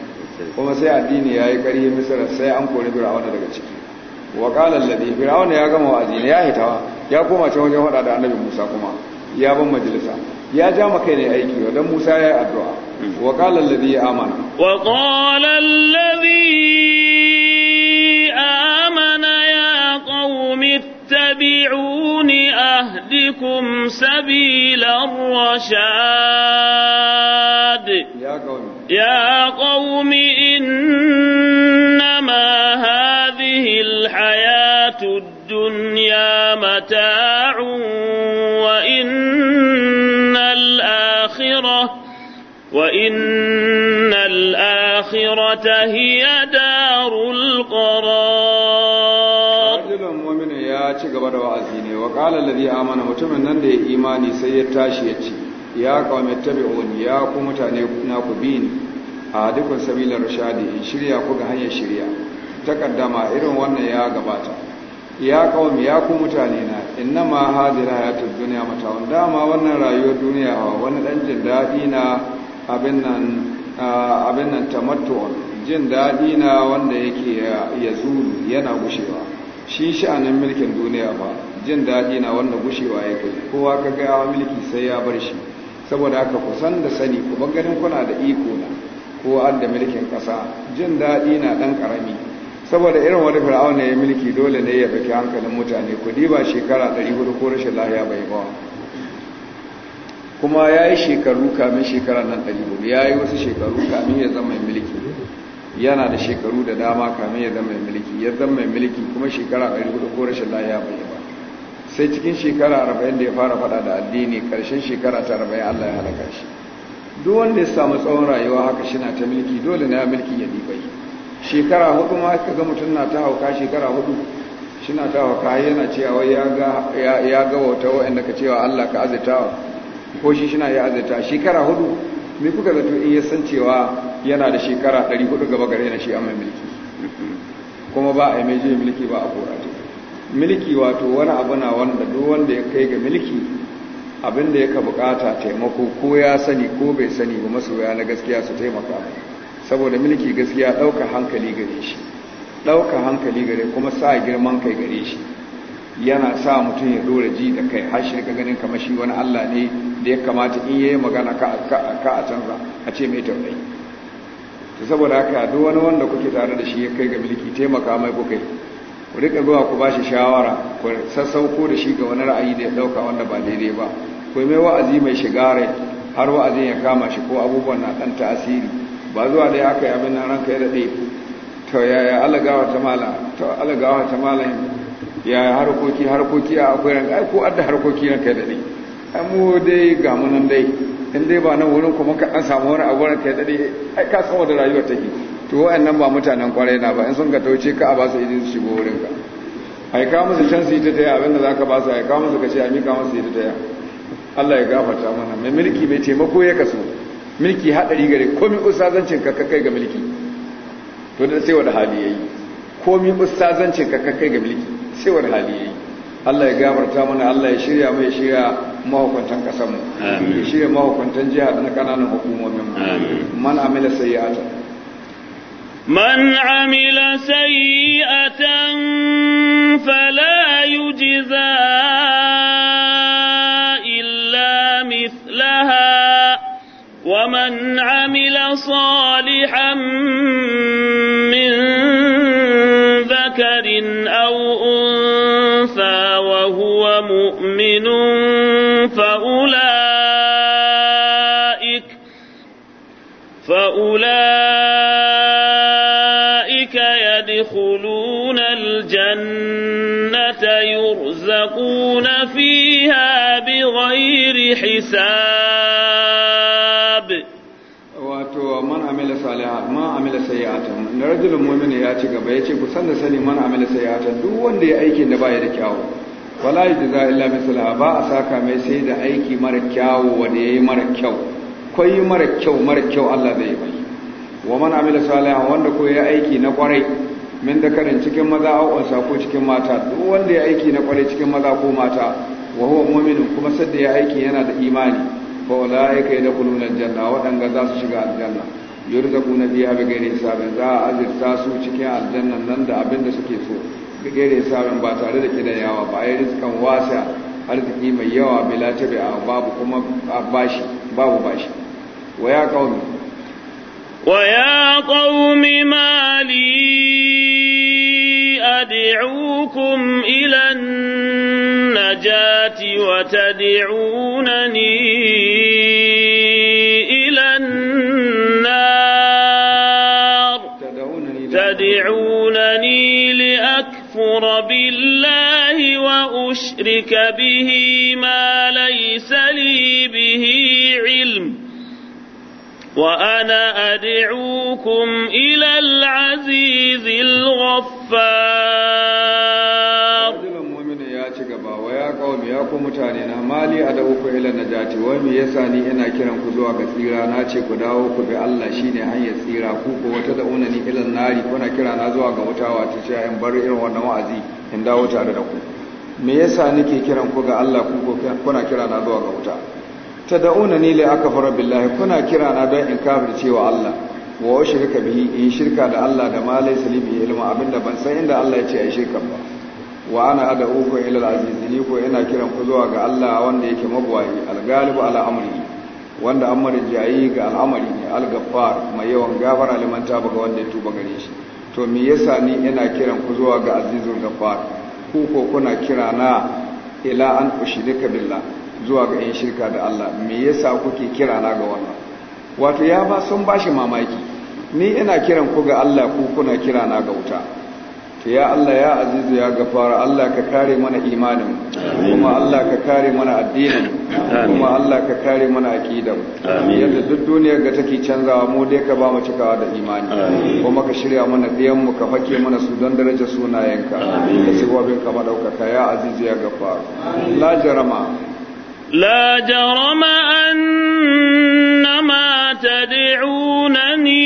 kuma sai addini ya yi ƙarfi misira sai an kori fir'auna daga ciki wa qala alladhi ya gama wa'azi ya hitawa ya koma can wajen hada da annabi Musa kuma ya ban majalisa ya ja kai ne aiki wa dan Musa ya yi addu'a wa qala ya amana wa qala alladhi amana ya qaumi ittabi'uni ahdikum sabila rashad ya qaumi ya qaumi innama hadha هذه الحياة الدنيا متاع وإن الآخرة وإن الآخرة هي دار da wa'azi ne wa qala alladhi amana mutumin nan da ya yi imani sai ya tashi ya ci, ya qawmi tabi'un ya ku mutane na ku bi ni a dukkan sabilar rashadi in shirya ko ga hanyar shirya takaddama irin wannan ya gabata ya kawai ya ku mutane na inna ma ya hayatul duniya mata wanda ma wannan rayuwar duniya wani dan jin daɗi na abin nan abin jin daɗi na wanda yake ya zuru yana gushewa shi sha'anin mulkin duniya ba jin daɗi na wanda gushewa ya kai kowa ka ga mulki sai ya bar shi saboda haka kusan da sani kuma ganin kuna da iko na ko an da mulkin ƙasa jin daɗi na ɗan ƙarami saboda irin wani fir'aun ne ya mulki dole ne ya fake hankalin mutane kudi ba shekara 400 ko rashin lahiya bai ba kuma ya yi shekaru kamin shekara nan 400 ya yi wasu shekaru kamin ya zama mulki yana da shekaru da dama kamin ya zama mulki ya zama mulki kuma shekara 400 ko rashin lahiya bai ba sai cikin shekara 40 da ya fara fada da addini karshen shekara ta 40 Allah ya halaka shi duk wanda ya samu tsawon rayuwa haka shi na ta mulki dole ne ya mulki ya dibai shekara hudu ma ka ga mutum na ta hauka shekara hudu shi na ta hauka yana cewa ya ga wata wa'anda ka cewa Allah ka azitawa ko shi shi na ya azita shekara hudu me kuka zato in ya san cewa yana da shekara 400 gaba gare na shi a mai mulki kuma ba a yi mai jiya mulki ba a kora ce mulki wato wani abu na wanda duk wanda ya kai ga mulki abinda ya ka bukata taimako ko ya sani ko bai sani ba masoya na gaskiya su taimaka saboda mulki gaskiya ɗauka hankali gare shi ɗauka hankali gare kuma sa girman kai gare shi yana sa mutum ya dora ji da kai har ga ganin kamar shi wani Allah ne da ya kamata in yayi magana ka a canza a ce mai tausayi to saboda haka duk wani wanda kuke tare da shi ya kai ga mulki taimaka mai kai ku rika zuwa ku bashi shawara ku sassauko da shi ga wani ra'ayi da ya dauka wanda ba daidai ba ku mai wa'azi mai shigare har wa'azin ya kama shi ko abubuwan na dan ta'asiri ba zuwa dai aka yi abin nan ranka ya daɗe to yaya alagawa ta mala to alagawa ta mala ya harkoki harkoki a akwai ranka ai ko adda harkoki ranka ya daɗe ai mu dai ga munan nan dai in dai ba nan wurin kuma ka an samu wani abu ranka ya daɗe ai ka samu da rayuwar take to wa'annan ba mutanen kwarai na ba in sun ka tauce ka a ba su idin su shigo ai ka. musu can su yi ta taya abinda za ka ba su ka musu ka ce a mika musu yi ta taya Allah ya gafarta mana mai mulki mai taimako ya kasu Milki haɗari gare komi ustazancin ka kai ga milki, to da sai wani hali ya yi komi ustazancin ka kai ga milki sai wani hali ya yi Allah ya gabarta mana Allah ya shirya mai shirya mahukuntan Amin. ya shirya mahukuntan jiha da na kananan hukumomin man amila sayyata من عمل سيئة فلا يجزى عمل صالحا من ذكر أو أنثى وهو مؤمن فأولئك فأولئك يدخلون الجنة يرزقون فيها بغير حساب saliha ma amila sayyatan da rajulun mu'min ya ci gaba yace ku san da sani man amila sayyatan duk wanda ya aikin da baya da kyawu wala yajza illa mislaha ba a saka mai sai da aiki mara kyawu wanda yayi mara kyau koyi mara kyau mara kyau Allah zai bai wa man amila saliha wanda ko ya aiki na kwarai min da karin cikin maza au unsa ko cikin mata duk wanda ya aiki na kwarai cikin maza ko mata wa huwa mu'minun kuma sadda ya aiki yana da imani fa ulaika yadkhuluna aljanna wadanga za su shiga aljanna yurzaku na biya ga gaire sabin za a azirta su cikin aljannan nan da abin da suke so ga gaire sabin ba tare da kidayawa ba ai rizkan wasa arziki mai yawa bila tabi babu kuma bashi babu bashi wa ya qaumi wa ya qaumi mali ad'ukum ila an-najati wa tad'unani أكفر بالله وأشرك به ما ليس لي به علم وأنا أدعوكم إلى العزيز الغفار ku mutane na mali a da uku ila na jati wai me yasa ni ina kiran ku zuwa ga tsira na ce ku dawo ku bi Allah ne hanyar tsira ku ko wata da unani ilan nari kuna kira na zuwa ga wuta wata ce in bar irin wannan wa'azi in dawo tare da ku me yasa nake kiran ku ga Allah ku ko kuna kira na zuwa ga wuta Ta tad'unani aka akfara billahi kuna kira na don in kafirce Allah wa shirka bihi in shirka da Allah da malai laysa ilmu abinda ban san inda Allah ya ce ai shirka ba wa ana ada uku ila al-aziz ni ko ina kiran ku zuwa ga Allah wanda yake mabwayi al-ghalib ala amri wanda amarin jayi ga al'amari ne al gaffar mai yawan gafara liman taba ga wanda ya tuba gare shi to me yasa ni ina kiran ku zuwa ga azizul gaffar? ku ko kuna kira na ila an ushrika billah zuwa ga in shirka da Allah me yasa kuke kira na ga wannan wato ya ba sun bashi mamaki ni ina kiran ku ga Allah ku kuna kira na ga wuta ya Allah ya azizu ya gafara Allah ka kare mana imanin kuma Allah ka kare mana addinin kuma Allah ka kare mana aqidan yadda duk duniyar ga take canzawa mu dai ka ba mu cikawa da imani kuma ka shirya mana diyan mu ka fake mana su don daraja sunayenka da sibobin ka madaukaka ya azizu ya gafara la jarama la jarama annama tad'unani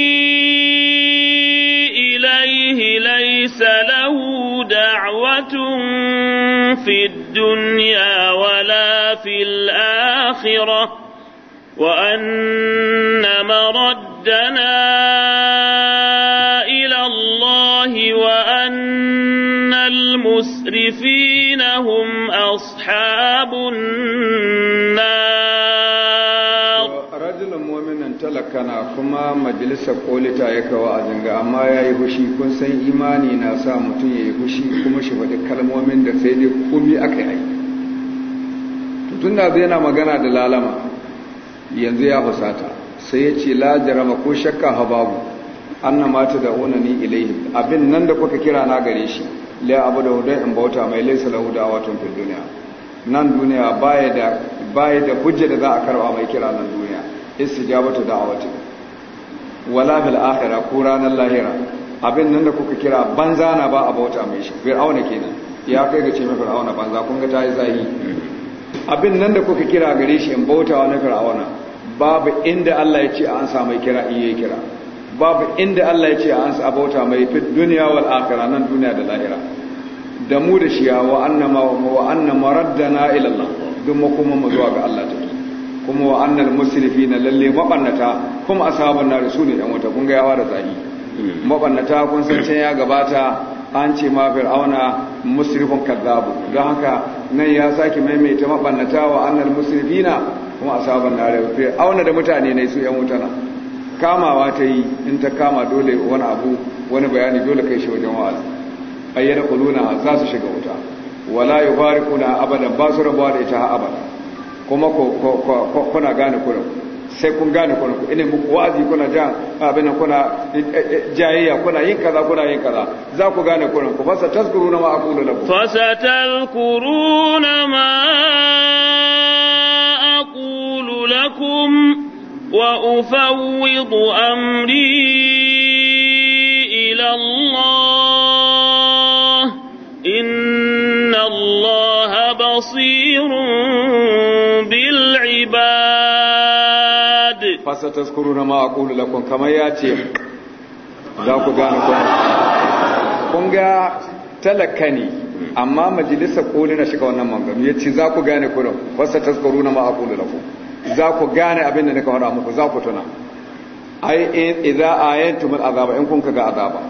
في الدنيا ولا في الآخرة وأن مردنا إلى الله وأن المسرفين هم أصحاب النار kana kuma majalisar kolita ya kawo a zanga amma ya yi hushi kun san imani na sa mutum ya yi hushi kuma shi faɗi kalmomin da sai dai komi aka yi tutun da zai yana magana da lalama yanzu ya husata sai ya ce la jarama ko shakka hababu na mata da onani ilaihi abin nan da kuka kira na gare shi la abu da hudan in bauta mai laisa lahu da watan fil duniya nan duniya baya da da hujja da za a karba mai kira nan duniya istijabatu da'awati wala fil akhirah ko ranar lahira abin nan da kuka kira banza na ba a bauta mai shi fir'auna kenan ya kai ga ce mai fir'auna banza kun ga tayi zahi abin nan da kuka kira gare shi in bautawa na fir'auna babu inda Allah ya ce an sa mai kira in yayi kira babu inda Allah ya ce an sa bauta mai fit duniya wal akhirah nan duniya da lahira da mu da shi wa annama wa annama raddana ila Allah duk mu kuma mu zuwa ga Allah take kuma wa annal musrifi na lalle mabannata kuma ashabun na su ne yan wata kun ga yawa da zahi mabannata kun san can ya gabata an ce ma fir'auna musrifun kazzabu don haka nan ya sake maimaita mabannata wa annal musrifina kuma ashabun nar fir'auna da mutane ne su yan na. kamawa ta yi in ta kama dole wani abu wani bayani dole kai shi wajen wa'azi ayyana kuluna za su shiga wuta wala kuna abadan ba su rabuwa da ita abada kuma kuna gane kuna sai kun gane kuna ina muku wa'azi kuna ja abin kuna jayayya kuna yin kaza kuna yin kaza za ku gane kuna ku fasa tazkuru na ma aqulu lakum fasa na ma aqulu lakum wa ufawwidu amri ila Allah inna Allah basirun na kamar ya ce za ku gane ياتي kun ga talaka تلكني amma majalisa koli na shiga wannan mangano ya ce za ku gane kuna wasa taskaro na ma'akulu lafu za ku gane abinda na kawara muku za ku tuna ai idza ayantum azaba in kun kaga azaba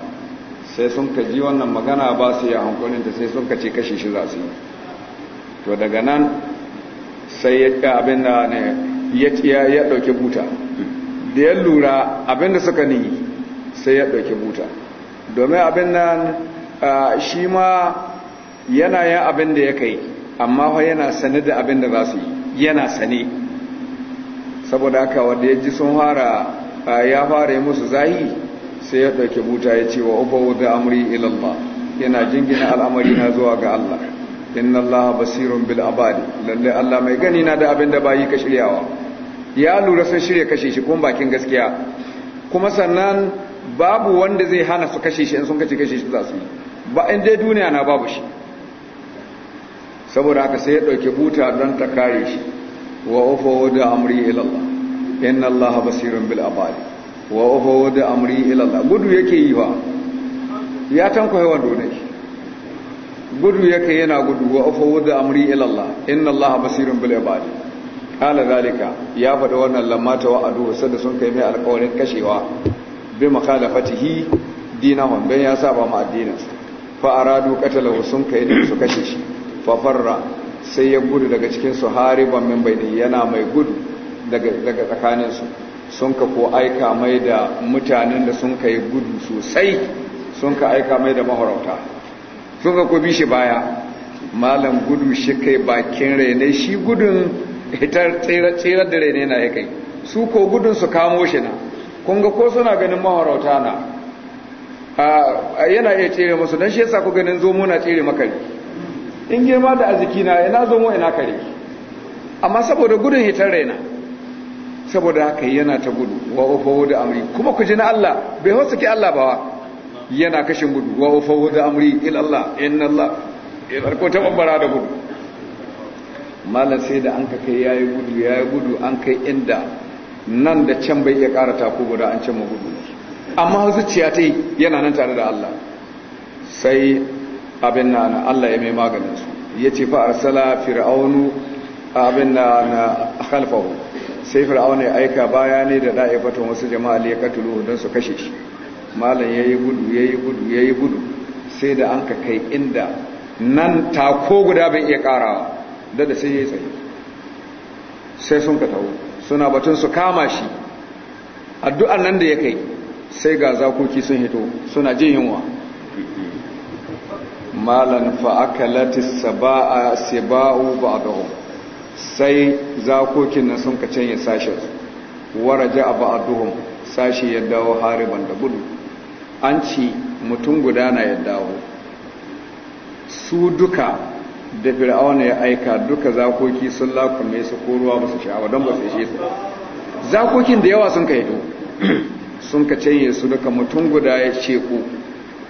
sai sun ka ji wannan magana ba su ya hankulin sai sun ka ce kashi shi za su yi to daga nan sai ya abin da ya ciya ya dauke buta da ya lura abin suka ni sai ya dauke buta domin abin shi ma yana yin abin ya kai amma fa yana sane da abinda da za su yi yana sane saboda haka wadda ya ji sun fara ya fara yi musu zahi sai ya dauke buta ya ce wa ubawu da amuri ilallah yana jingina al'amari na zuwa ga Allah inna allaha basirun bil abadi lalle allah mai gani na da abin da bayi ka shiryawa ya lura sun shirya kashe shi kuma bakin gaskiya kuma sannan babu wanda zai hana su kashe shi in sun kace kashe shi za su yi ba in dai duniya na babu shi saboda haka sai ya dauke buta don ta kare shi wa ufawu da amri ila allah inna allaha basirun bil abadi wa ufawu da amri ila allah gudu yake yi ba ya tankwa wa donai gudu yake yana gudu wa afawwadu amri ila Allah inna Allah basirun bil ibad kala zalika ya faɗi wannan lamata wa adu da sun kai mai alƙawarin kashewa bi makhalafatihi dinahum ban ya saba ma addinin fa aradu qatalahu sun kai da su kashe shi fa farra sai ya gudu daga cikin su hariban min bayni yana mai gudu daga daga tsakanin su sun ka ko aika mai da mutanen da sun kai gudu sosai sun ka aika mai da mahorauta kun ga ko bi shi baya malam gudu shi kai bakin rene shi gudun hitar tsira da rene na ya kai su ko gudun su kamo shi na kun ga ko suna ganin maharauta na yana iya tsere musu don shi yasa ku ganin zomo na tsere makari in girma da arziki na yana zomo yana kare amma saboda gudun hitar rena saboda haka yana ta gudu wa ofawo da amri kuma ku ji na Allah bai wasu ki Allah ba wa yana kashin gudu wa ufawwidu amri amuri ilallah inallah ya farko ta babbara da gudu malar sai da an ka kai yi gudu yi gudu an kai inda nan da can bai iya ƙara tako guda an can gudu amma zuciya ta yana nan tare da Allah sai abin na Allah ya mai maganin ya ce fa arsala fir'aunu abin na na halfahu sai fir'aunu ya aika baya ne da da'ifatan wasu jama'a liya katulu don su kashe shi malam ya yi gudu ya yi gudu ya yi gudu sai da an ka kai inda nan tako guda bai iya karawa da da sai ya yi tsaye sai sun ka tawo suna batun su kama shi addu'an nan da ya kai sai ga zakoki sun hito suna jin yunwa malan fa'akalatis saba'a siba'u ba'dahu sai zakokin nan sun ka canye sashen waraja ba'duhum sashi ya dawo hariban da gudu an ci mutum guda na ya dawo su duka da fir'auna ya aika duka zakoki sun lakume su ko ruwa ba su sha'awa don ba su ishe su zakokin da yawa sun ka hito sun ka canye su duka mutum guda ya ce ku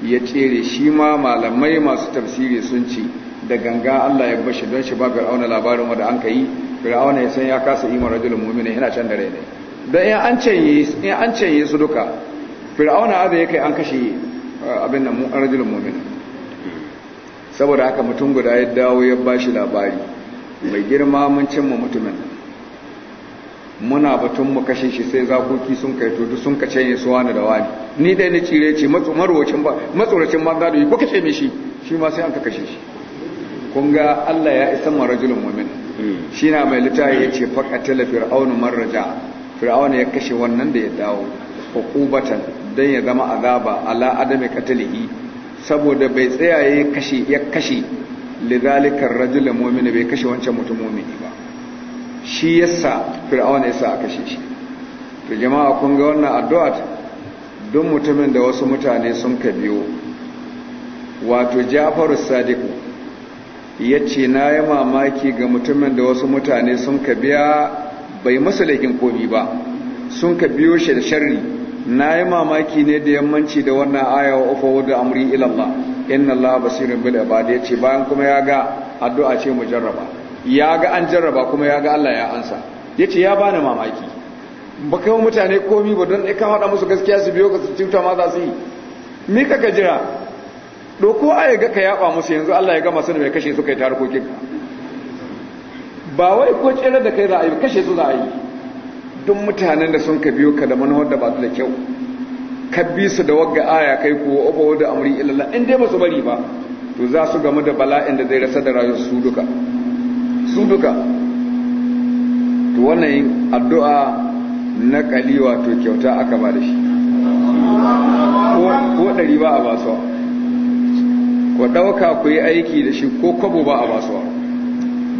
ya tsere shi ma malamai masu tafsiri sun ci da ganga Allah ya bashi don shi ba fir'auna labarin wanda an ka yi fir'auna ya san ya kasa imar rajulun mu'mina yana can da rai ne don in an canye su duka fir'auna abin ya kai an kashe eh, abin da rajulun mu'min saboda haka mutum guda ya dawo ya bashi labari mai girma mun cimma mutumin muna batun mu kashe shi sai zakoki sun kai to duk sun kace ne su wani da wani ni dai na cire ce matsoracin ba matsoracin ma gado ko kace me shi shi ma sai an ka kashe shi kun ga Allah ya isa ma rajulun mu'min shi na mai litafi ya ce faqatala fir'aunu marraja fir'aunu ya kashe wannan da ya dawo hukubatan don ya zama azaba ala adami katalihi saboda bai tsayaye kashe ya kashe lidhalika ar-rajul mu'min bai kashe wancan mutum mu'mini ba shi yasa fir'auna yasa a kashe shi to jama'a kun ga wannan addu'a don mutumin da wasu mutane sun ka biyo wato Jafaru Sadiku yace na yi mamaki ga mutumin da wasu mutane sun ka biya bai masa laifin komi ba sun ka biyo shi da sharri na yi mamaki ne da yammanci da wannan aya wa ufa wadda amri ilalla inna Allah basirin bil ibad yace bayan kuma ya ga addu'a ce mujarraba ya ga an jarraba kuma ya ga Allah ya ansa yace ya bani mamaki ba kai mutane komi ba don ka haɗa musu gaskiya su biyo ka su cuta ma za su yi me kaka jira doko aya ga ka yaba musu yanzu Allah ya gama su mai kashe su kai tarkokin ba wai ko tsere da kai za a yi kashe su za a yi duk mutanen da sun ka biyo ka da manuwar da ba da kyau ka bi su da wagga aya kai ko obo da amuri ilalla in dai ba su bari ba to za su gamu da bala'in da zai rasa da rayuwar su duka su duka to wannan addu'a na kaliwa to kyauta aka ba da shi ko ɗari ba a basuwa ko ɗauka ku yi aiki da shi ko kwabo ba a basuwa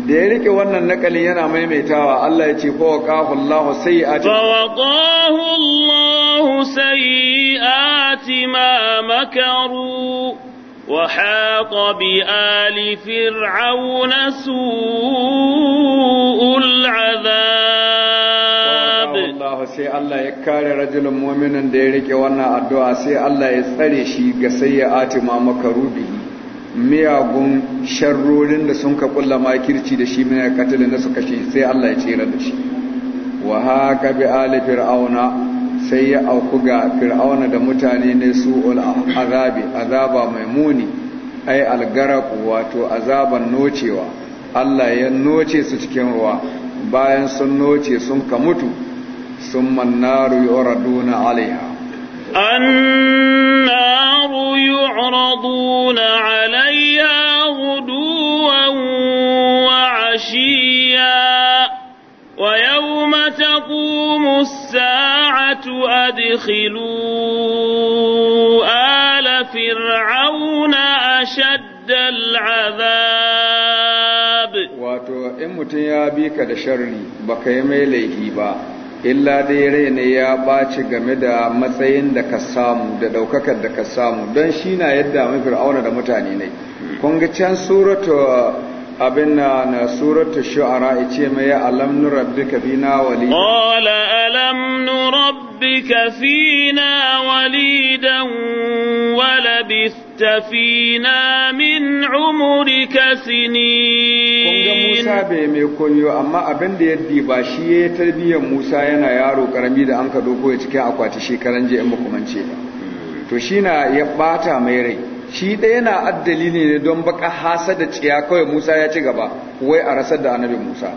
da ya rike wannan nakalin yana maimaitawa Allah ya ce fa waqahu Allahu sayyi'ati fa waqahu Allahu sayyi'ati ma makaru wa haqa bi ali fir'auna su'ul 'adab Allah sai Allah ya kare rajulin mu'minin da ya rike wannan addu'a sai Allah ya tsare shi ga sayyi'ati ma makaru bihi miyagun sharrorin da sun ka kulla makirci da shi mai katilin da su kashe sai Allah ya tsira da shi wa haka bi ali fir'auna sai ya auku ga fir'auna da mutane ne su ul azabi azaba mai muni ai algarq wato azaban nocewa Allah ya noce su cikin ruwa bayan sun noce sun ka mutu sun naru yuraduna alaiha النار يعرضون عليها غدوا وعشيا ويوم تقوم الساعة أدخلوا آل فرعون أشد العذاب wato in mutum ya bi ka da sharri baka yi mai laifi ba illa dai rai ne ya ɓaci game da matsayin da ka samu da ɗaukakar da ka samu don shi na yadda mafi fir'auna da mutane ne kunga ga can suratu abin na na suratu shu'ara ce mai alam nurabbi kabina wali qala alam nurabbi ربك Walidan, وليدا ولبثت فينا من عمرك سنين ga Musa bai mai koyo amma abin da yaddi ba shi ya tarbiyyar Musa yana yaro karami da an ko ya cikin akwati shekaran je in makamance ba to shi na ya mai rai shi ɗaya na addali ne don baka hasa da tsiya kawai Musa ya ci gaba wai a rasar da annabi Musa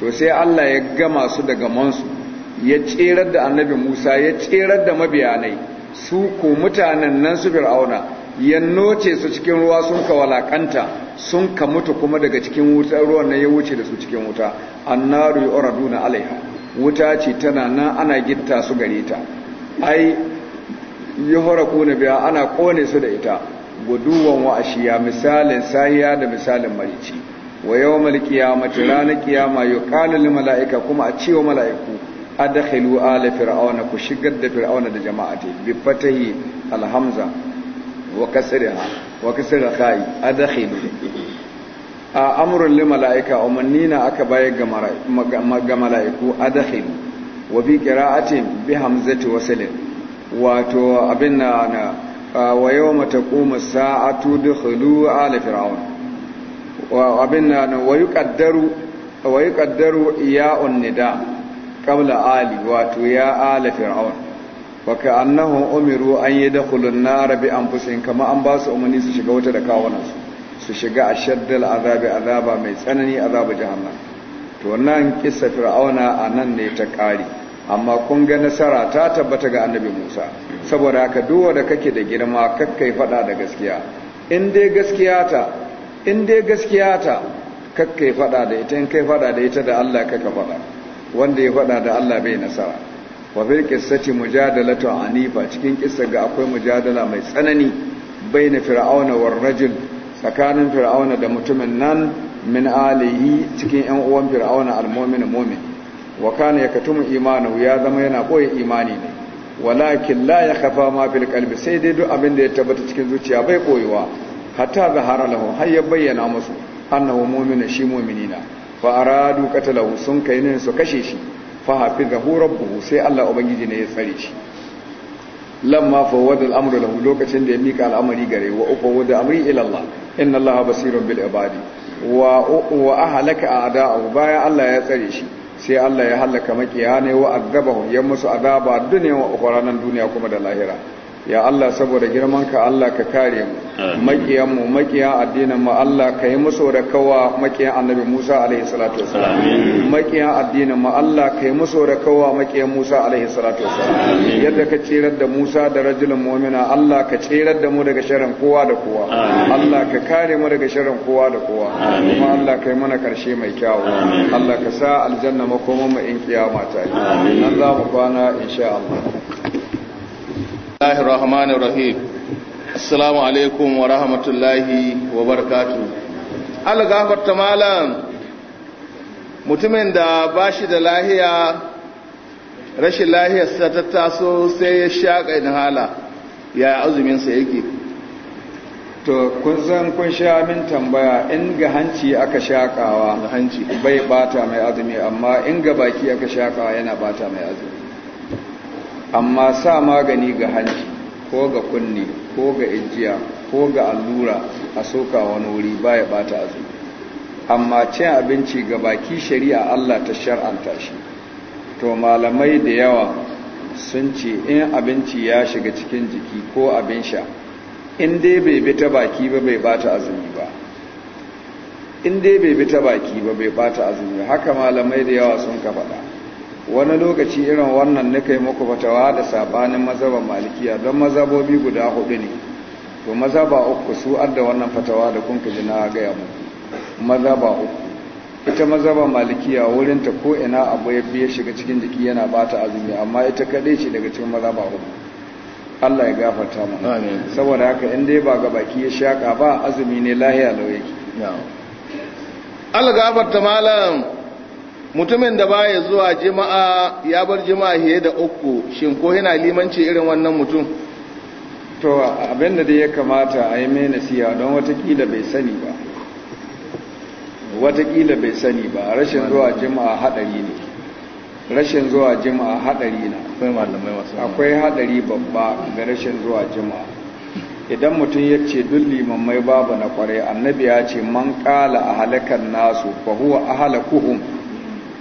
to sai Allah ya gama su da mansu ya tserar da annabi Musa ya tserar da mabiyanai su ku mutanen nan su fir'auna ya noce su cikin ruwa sun ka walakanta sun ka mutu kuma daga cikin wutar ruwan nan ya wuce da su cikin wuta annaru yuraduna alaiha wuta ce tana nan ana gitta su gare ta ai na biya ana kone su da ita guduwan wa ashiya misalin sahiya da misalin marici wa yawmal qiyamati ranar qiyama yuqalu lil malaika kuma a cewa mala'iku adkhilu ala fir'auna ku shigar da fir'auna da jama'ati bi fatahi alhamza wa kasriha wa kasra khai adkhilu a amrun lil malaika na aka bayar ga malaiku adkhilu wa bi qira'atin bi hamzati wasalin wato abin na wa yawma taqumu sa'atu dukhulu ala firauna. wa abin na wa yuqaddaru wa yuqaddaru ya'un nida' qabla ali wato ya ala fir'aun baka annahu umiru an yadkhulun nar bi anfusihim kama an ba su umarni su shiga wata da kawunansu su shiga ashaddal azabi azaba mai tsanani azabu jahannam to wannan kissa fir'auna anan ne ta kare amma kun ga nasara ta tabbata ga annabi Musa saboda haka duwa da kake da girma kakkai fada da gaskiya in dai gaskiya ta in dai gaskiya ta kakkai fada da ita in kai fada da ita da Allah kaka fada wanda ya faɗa da Allah bai nasara wa fil qissati mujadalatu anifa cikin kissa ga akwai mujadala mai tsanani baina fir'auna war rajul tsakanin fir'auna da mutumin nan min alihi cikin ƴan uwan fir'auna almu'min mu'min wa kana yakatumu imanahu ya zama yana koyi imani ne walakin la yakhafa ma fil qalbi sai dai duk abin da ya tabbata cikin zuciya bai koyuwa hatta zahara lahu har ya bayyana musu annahu mu'minu shi mu'minina fa aradu qatalahu sun kai ne su kashe shi fa hafizahu rabbuhu sai Allah ubangiji ne ya tsare shi lamma fawwada al'amru lahu lokacin da ya mika al'amari gare wa ufawwada amri ila Allah inna Allah basirun bil ibadi wa wa ahlaka ada'u baya Allah ya tsare shi sai Allah ya halaka makiya ne wa azabahum ya musu azaba duniya wa ukhra duniya kuma da lahira ya Allah saboda girmanka Allah ka kare mu makiyan mu makiya addinin mu Allah ka yi musu rakawa makiyan annabi Musa alaihi salatu wasalam makiyan addinin mu Allah ka yi musu rakawa makiyan Musa alaihi salatu wasalam yadda ka cirar da Musa da rajulun mu'mina Allah ka cirar da mu daga sharrin kowa da kowa Allah ka kare mu daga sharrin kowa da kowa kuma Allah ka yi mana karshe mai kyau Allah ka sa aljanna makoman mu in kiyama ta nan za mu kwana insha Allah الله الرحمن الرحيم wa عليكم ورحمة الله وبركاته Allah gafarta malam mutumin da ba shi da lahiya rashin lahiyarsa ta taso sai ya shaƙa hala ya azuminsa yake to kun kun sha min tambaya in ga hanci aka shaƙawa hanci bai bata mai azumi amma in ga baki aka shaƙawa yana bata mai azumi amma sa magani ga hanci ko ga kunne ko ga ijiya ko ga allura a soka wani wuri baya bata azumi amma cin abinci ga baki shari'a Allah ta shar'anta shi to malamai da yawa sun ce in abinci ya shiga cikin jiki ko abin sha in dai bai bi ta baki ba bai bata azumi ba in dai bai bi ta baki ba bai bata azumi haka malamai da yawa sun ka wani lokaci irin wannan na kai muku fatawa da sabanin mazhaban malikiya don mazhabobi guda hudu ne to mazhaba uku su adda wannan fatawa da kun kaji na gaya muku mazhaba uku ita malikiya wurin ta ko ina abu ya fiye shiga cikin jiki yana bata azumi amma ita kadai ce daga cikin mazhaba uku Allah ya gafarta mu amin saboda haka in dai ba ga baki ya shaka ba azumi ne lahiya lauye. yake na'am Allah gafarta malam mutumin da baya zuwa jima'a ya bar jima'a fiye da uku shin ko yana limanci irin wannan mutum to abin da dai ya kamata a yi mai nasiya don watakila bai sani ba watakila bai sani ba rashin zuwa jima'a hadari ne rashin zuwa jima'a hadari na akwai haɗari hadari babba ga rashin zuwa jima'a idan mutum ya ce duk limammai babu na kwarai annabi ya ce man kala a halakar nasu ba huwa halakuhun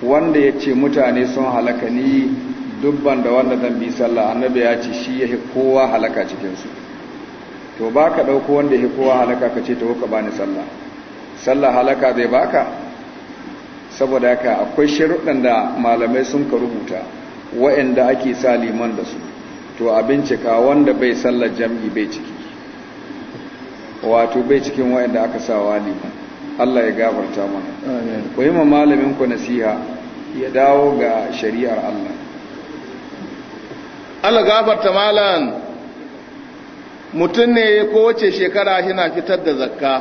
wanda ya ce mutane sun halaka ni dubban da wanda zan bi sallah annabi ya ce shi ya kowa halaka cikinsu to ba ka ɗauko wanda ya kowa halaka ka ce ta ka ba ni sallah sallah halaka zai baka saboda haka akwai sharuɗan da malamai sun ka rubuta wa'anda ake sa liman da su to a bincika wanda bai sallar jam'i bai ciki wato bai cikin wa'anda aka sa wa liman Allah ya gafarta mana ku yi ma malamin ku nasiha ya dawo ga shari'ar Allah Allah gafarta malam mutum ne ko wace shekara yana fitar da zakka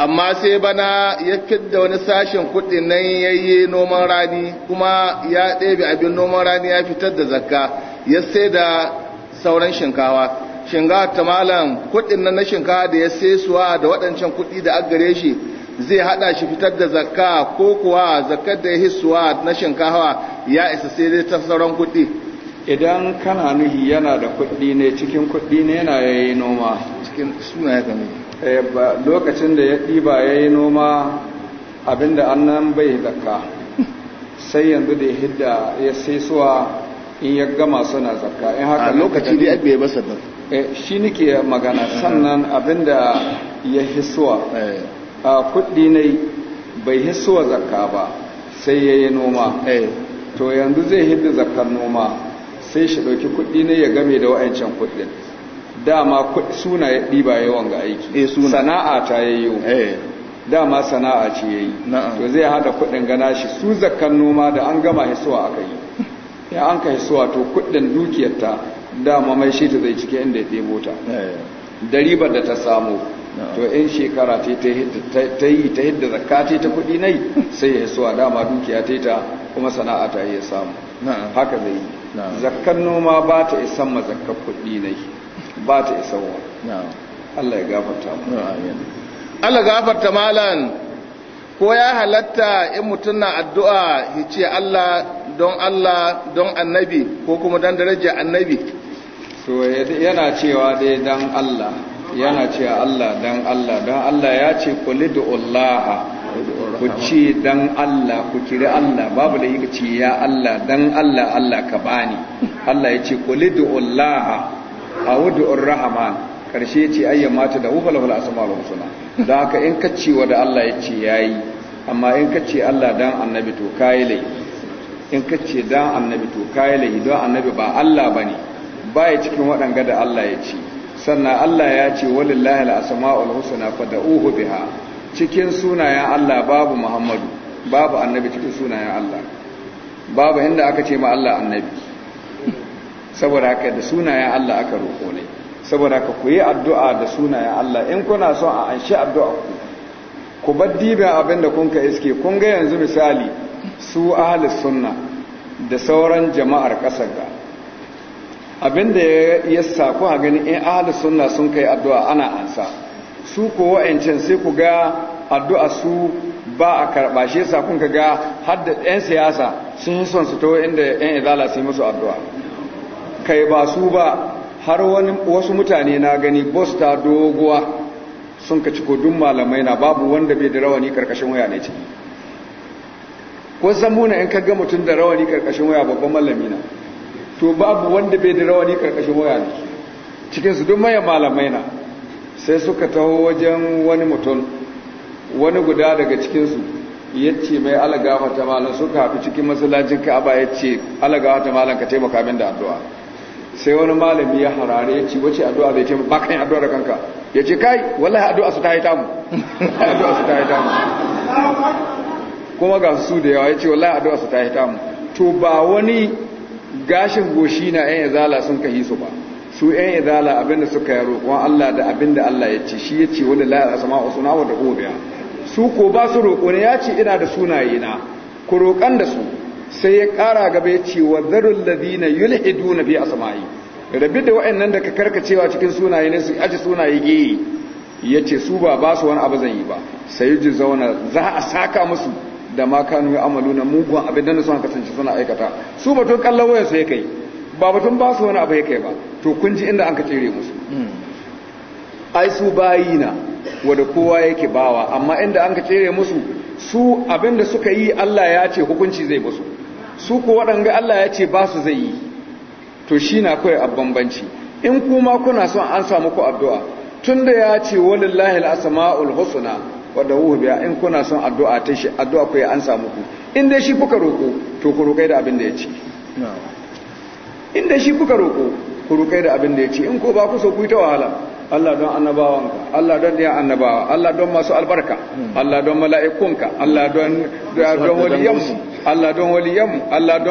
amma sai bana ya fidda wani sashen kuɗi nan yi noman rani kuma ya ɗebe abin noman rani ya fitar da zakka ya sai da sauran shinkawa shinga ta malam kudin nan na shinkawa da ya sai suwa da waɗancan kudi da aggare shi zai hada shi fitar da zakka ko kuwa zakkar da ya hisuwa na shinkawa ya isa sai dai ta kuɗi idan kana nuhi yana da kuɗi ne cikin kuɗi ne yana yayi noma cikin suna ya kame eh, lokacin da ya ɗiba yayi noma abinda annan bai zakka sai yanzu da ya hidda ya sai suwa in ya gama suna zakka in haka lokaci dai bai masa ba eh, shi nake magana sannan abinda ya hisuwa eh. a kuɗi ne bai hisuwa zakka ba sai ya yi noma eh. to yanzu zai hidda zakkar noma sai shi ɗauki kuɗi ne ya game da wa'ancan kuɗin dama suna ya ɗiba yawan ga aiki eh, sana'a ta ya yi eh. dama sana'a ce ya yi to zai hada kuɗin gana shi su zakkar noma da an gama hisuwa aka yi ya an ka hisuwa to kuɗin dukiyarta dama mai shi ta zai cike inda ya ɗebo ta da ribar da ta samu to in shekara ta yi ta hidda zakka ta ta kuɗi nai sai ya hisuwa dama dukiya ta ta kuma sana'a ta iya samu haka zai yi zakkan noma ba ta isan ma zakkan kuɗi nai ba ta wa. Allah ya gafarta mu Allah gafarta malan ko ya halatta in mutum na addu'a ya ce Allah don Allah don annabi ko kuma dan daraja annabi so yana cewa dai dan Allah yana ce Allah dan Allah dan Allah ya ce kulidullaha ku ce dan Allah ku kiri Allah babu da yake ce ya Allah dan Allah Allah ka bani Allah ya ce kulidullaha awudur rahman karshe ya ce ayyama ta da wufal wal asmaul husna da haka in ka ce wa da Allah ya ce yayi amma in ka ce Allah dan annabi to kai lai in ka ce dan annabi to kai lai don annabi ba Allah bane baya cikin waɗanga da Allah ya ce sannan Allah ya ce walillahi al-asma'ul husna fad'uhu biha cikin sunayen Allah babu Muhammadu babu annabi cikin sunayen Allah babu inda aka ce ma Allah annabi saboda haka da sunayen Allah aka roƙo ne saboda haka ku yi addu'a da sunayen Allah in kuna son a anshi addu'a ku ku bar dibin abin da kun ka iske kun ga yanzu misali su ahlus sunna da sauran jama'ar ƙasar ga abinda ya sako a gani, in ahalus sunna sun kai addu'a ana ansa su ko wa’ancin sai ku ga addu'a su ba a karɓa shi yasa kun ga hadda 'yan siyasa sun yi son su to inda 'yan izala su yi musu addu'a kai ba su ba har wasu mutane na gani bos ta doguwa sun ka ciko dun malamai na babu wanda bai da rawani karkashin waya ne ciki ko san muna in ka ga mutum da rawani karkashin waya babban malami na to babu wanda bai da rawani karkashin waya ne cikin su duk mayan malamai na sai suka taho wajen wani mutum wani guda daga cikin su yace mai alagawa ta malam suka hafi cikin masallacin Ka'aba yace alagawa ta malan ka taimaka min da addu'a sai wani malami ya harare ya ce wace addu'a zai taimaka bakan yin addu'a da kanka ya ce kai wallahi addu'a su ta yi tamu addu'a su ta yi tamu kuma ga su da yawa ya ce wallahi addu'a su ta yi tamu to ba wani gashin goshi na yan izala sun yi su ba su yan izala abinda suka yi roƙon Allah da abinda Allah ya ce shi ya ce wani la'ar asma'u suna wa da gobiya su ko ba su roƙo ne ya ce ina da sunaye na ku roƙan da su sai ya ƙara gaba ya ce wa na ladina yulhiduna bi asma'i rabi da wa'annan da ka karkacewa cikin sunaye ne su aji sunaye geyi ya ce su ba ba su wani abu zan yi ba sai ji zauna za a saka musu da ma kanu ya amalu na mugun abin da sun kasance suna aikata su batun kallon waya sai kai ba batun ba su wani abu ya kai ba to kun ji inda an ka tsere musu ai su bayi na wanda kowa yake bawa amma inda an ka tsere musu su abin da suka yi Allah ya ce hukunci zai musu su ko waɗanga Allah ya ce ba su zai yi to shi na kawai a bambanci in kuma kuna son an samu ku addu'a tunda ya ce walillahi al-asma'ul husna wadda wuhu biya in kuna son addu'a ta shi addu'a ku ya an samu ku in dai shi kuka roƙo to ku roƙai da abin da ya ci in dai shi kuka roƙo ku roƙai da abin da ya ci in ko ba ku so ku yi ta wahala Allah don annabawanka Allah don ɗiyan annabawa Allah don masu albarka hmm. Allah don mala'ikunka Allah don waliyanmu Allah don waliyanmu Allah don